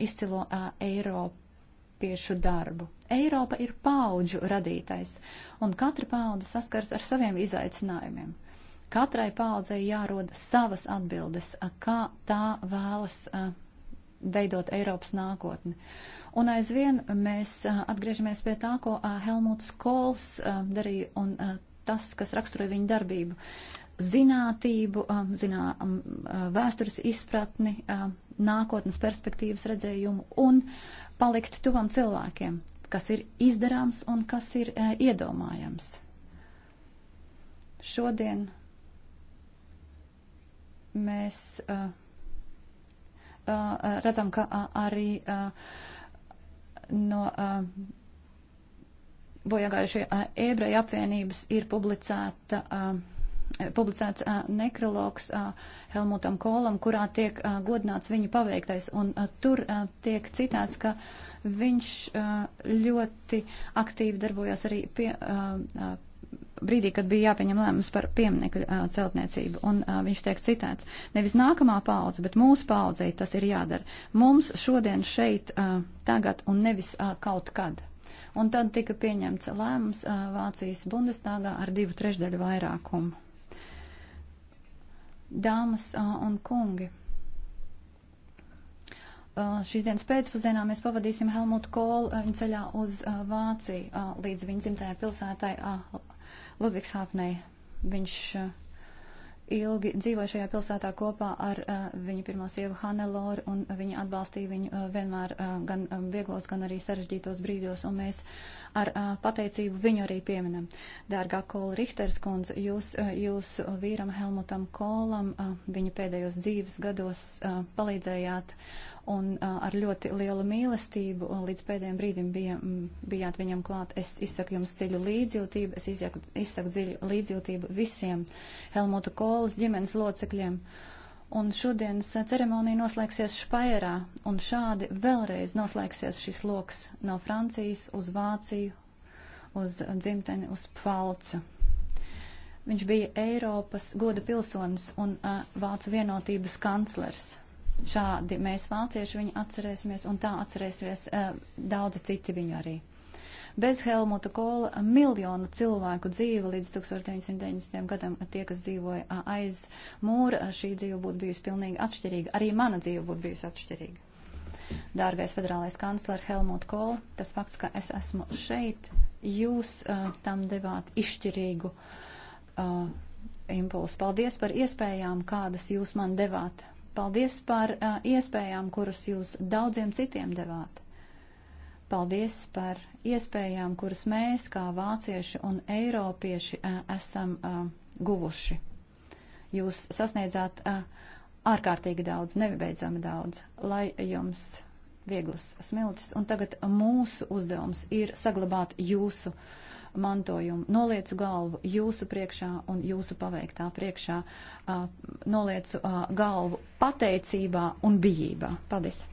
izcilo Eiropiešu darbu. Eiropa ir paudžu radītais, un katra pauda saskars ar saviem izaicinājumiem. Katrai paudzei jāroda savas atbildes, kā tā vēlas veidot Eiropas nākotni. Un aizvien mēs atgriežamies pie tā, ko Helmuts Kols darīja un tas, kas raksturoja viņa darbību. Zinātību, zinā, vēstures izpratni, nākotnes perspektīvas redzējumu un palikt tuvam cilvēkiem, kas ir izdarāms un kas ir iedomājams. Šodien mēs uh, uh, redzam, ka uh, arī uh, no uh, bojāgājušie uh, ebreja apvienības ir publicēta. Uh, publicēts uh, nekrologs uh, Helmutam Kolam, kurā tiek uh, godināts viņa paveiktais. Un uh, tur uh, tiek citēts, ka viņš uh, ļoti aktīvi darbojās arī pie, uh, brīdī, kad bija jāpieņem lēmums par pieminiektu celtniecību, un viņš tiek citēts. Nevis nākamā paudze, bet mūsu paudzei tas ir jādara. Mums šodien šeit, tagad un nevis kaut kad. Un tad tika pieņemts lēmums Vācijas Bundestāgā ar divu trešdaļu vairākumu. Dāmas un kungi, šīs dienas pēcpusdienā mēs pavadīsim Helmutu Kolu viņa ceļā uz Vāciju līdz viņa dzimtajai pilsētai Ludvigs Hāpnei. Viņš eh, ilgi dzīvoja šajā pilsētā kopā ar eh, viņa pirmo sievu Haneloru, un viņa atbalstīja viņu eh, vienmēr gan vieglos, gan arī sarežģītos brīļos, un mēs ar pateicību viņu arī pieminam. Dārgā Kola Richters kundze, jūs, jūs vīram Helmutam Kolam viņa pēdējos dzīves gados palīdzējāt un uh, ar ļoti lielu mīlestību līdz pēdējiem brīdim bija, bijāt viņam klāt. Es izsaku jums dziļu līdzjūtību, es izsaku, izsaku dziļu līdzjūtību visiem Helmuta Kolas ģimenes locekļiem. Un šodienas ceremonija noslēgsies Špajerā, un šādi vēlreiz noslēgsies šis loks no Francijas uz Vāciju, uz dzimteni, uz Pfalcu. Viņš bija Eiropas goda pilsonis un uh, Vācu vienotības kanclers. Šādi mēs vācieši viņu atcerēsimies, un tā atcerēsies uh, daudzi citi viņu arī. Bez Helmuta Kola miljonu cilvēku dzīve līdz 1990. gadam, tie, kas dzīvoja aiz mūra, šī dzīve būtu bijusi pilnīgi atšķirīga. Arī mana dzīve būtu bijusi atšķirīga. Dārgais federālais kancler Helmut Kohl, tas fakts, ka es esmu šeit, jūs uh, tam devāt izšķirīgu uh, impulsu. Paldies par iespējām, kādas jūs man devāt Paldies par uh, iespējām, kuras jūs daudziem citiem devāt. Paldies par iespējām, kuras mēs, kā vācieši un eiropieši, uh, esam uh, guvuši. Jūs sasniedzāt uh, ārkārtīgi daudz, nebeidzami daudz, lai jums vieglas smiltis. Un tagad mūsu uzdevums ir saglabāt jūsu uh, mantojumu, noliecu galvu jūsu priekšā un jūsu paveiktā priekšā, noliecu galvu pateicībā un bijībā. Paldies!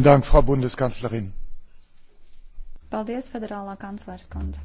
Herzlichen Dank, Frau Bundeskanzlerin. Paldies, federālā kanclers kundze.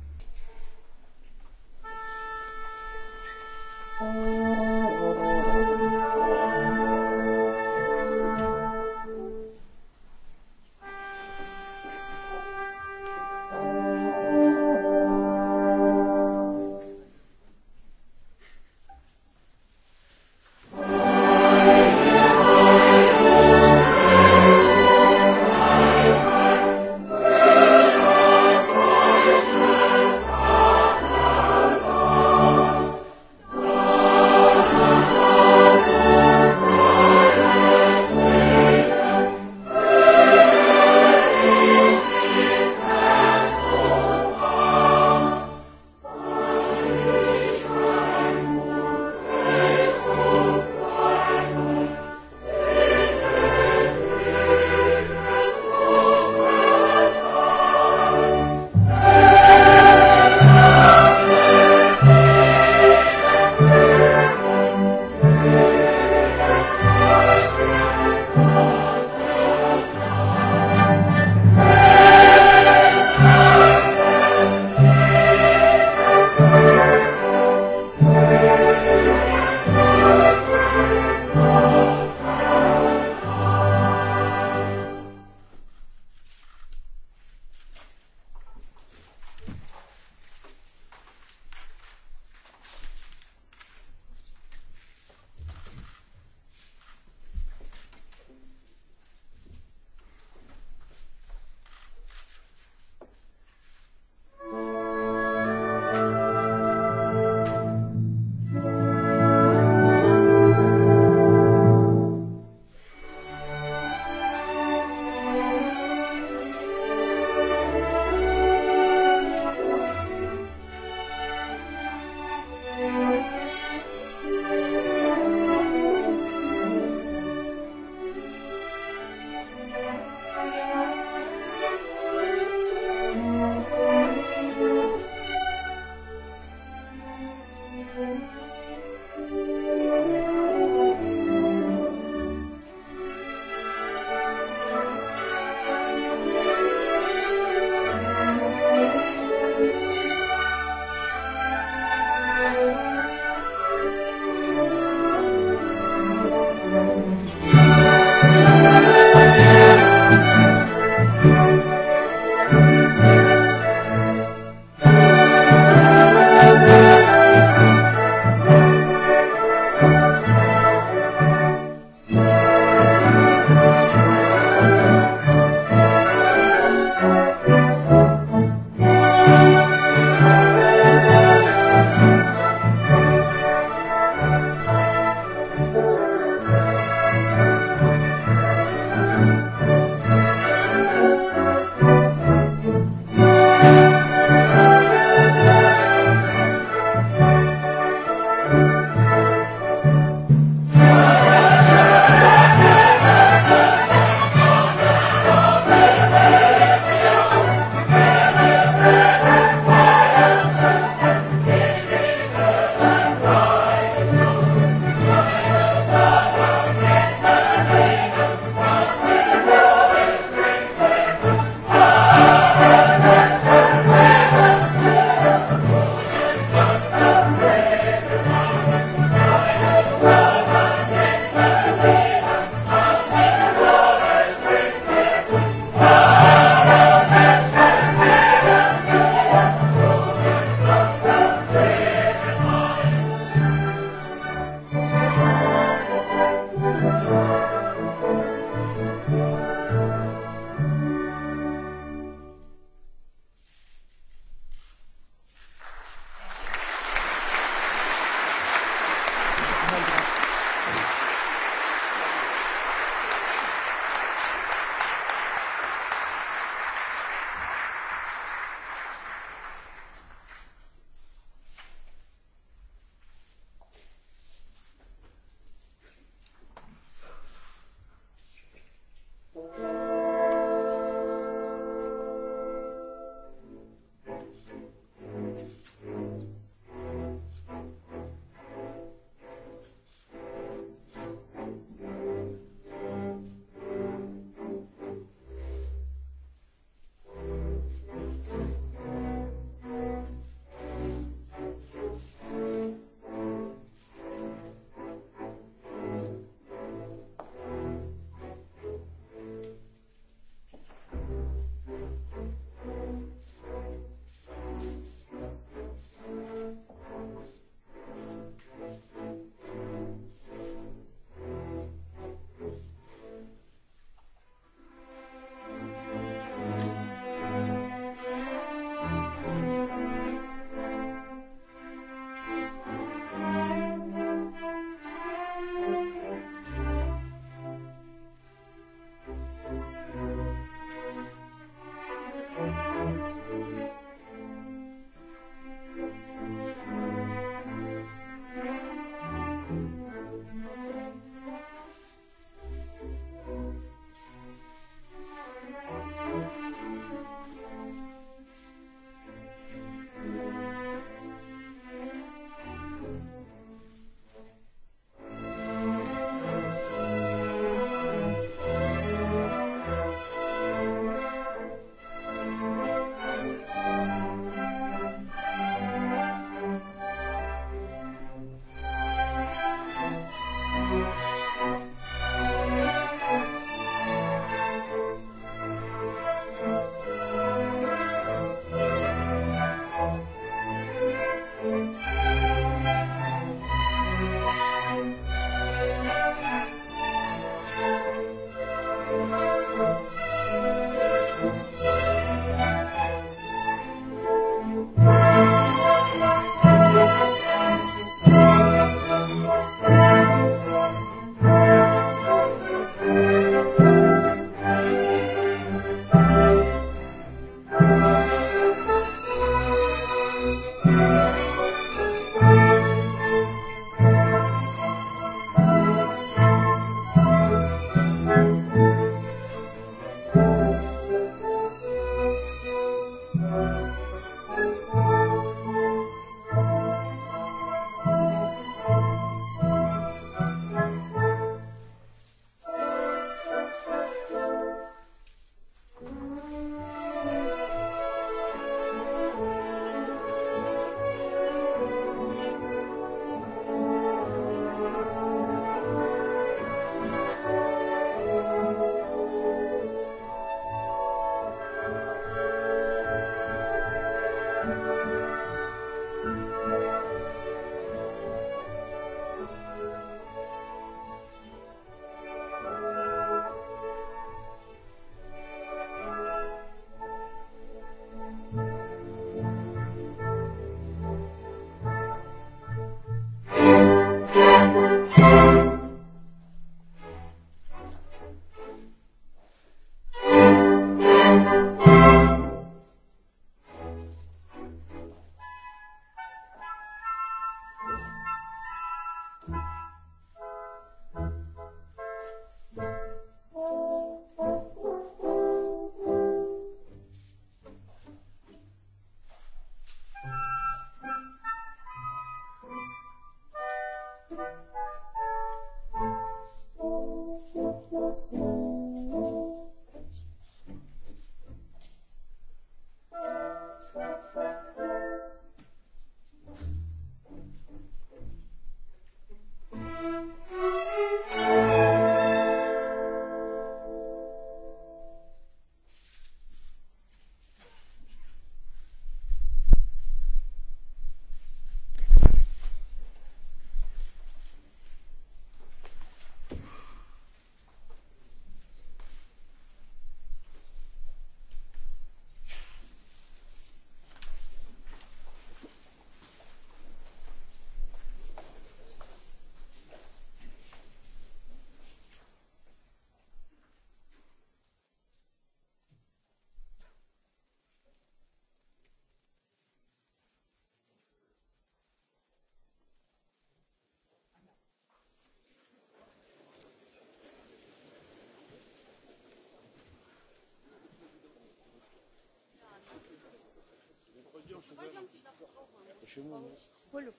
почему нет?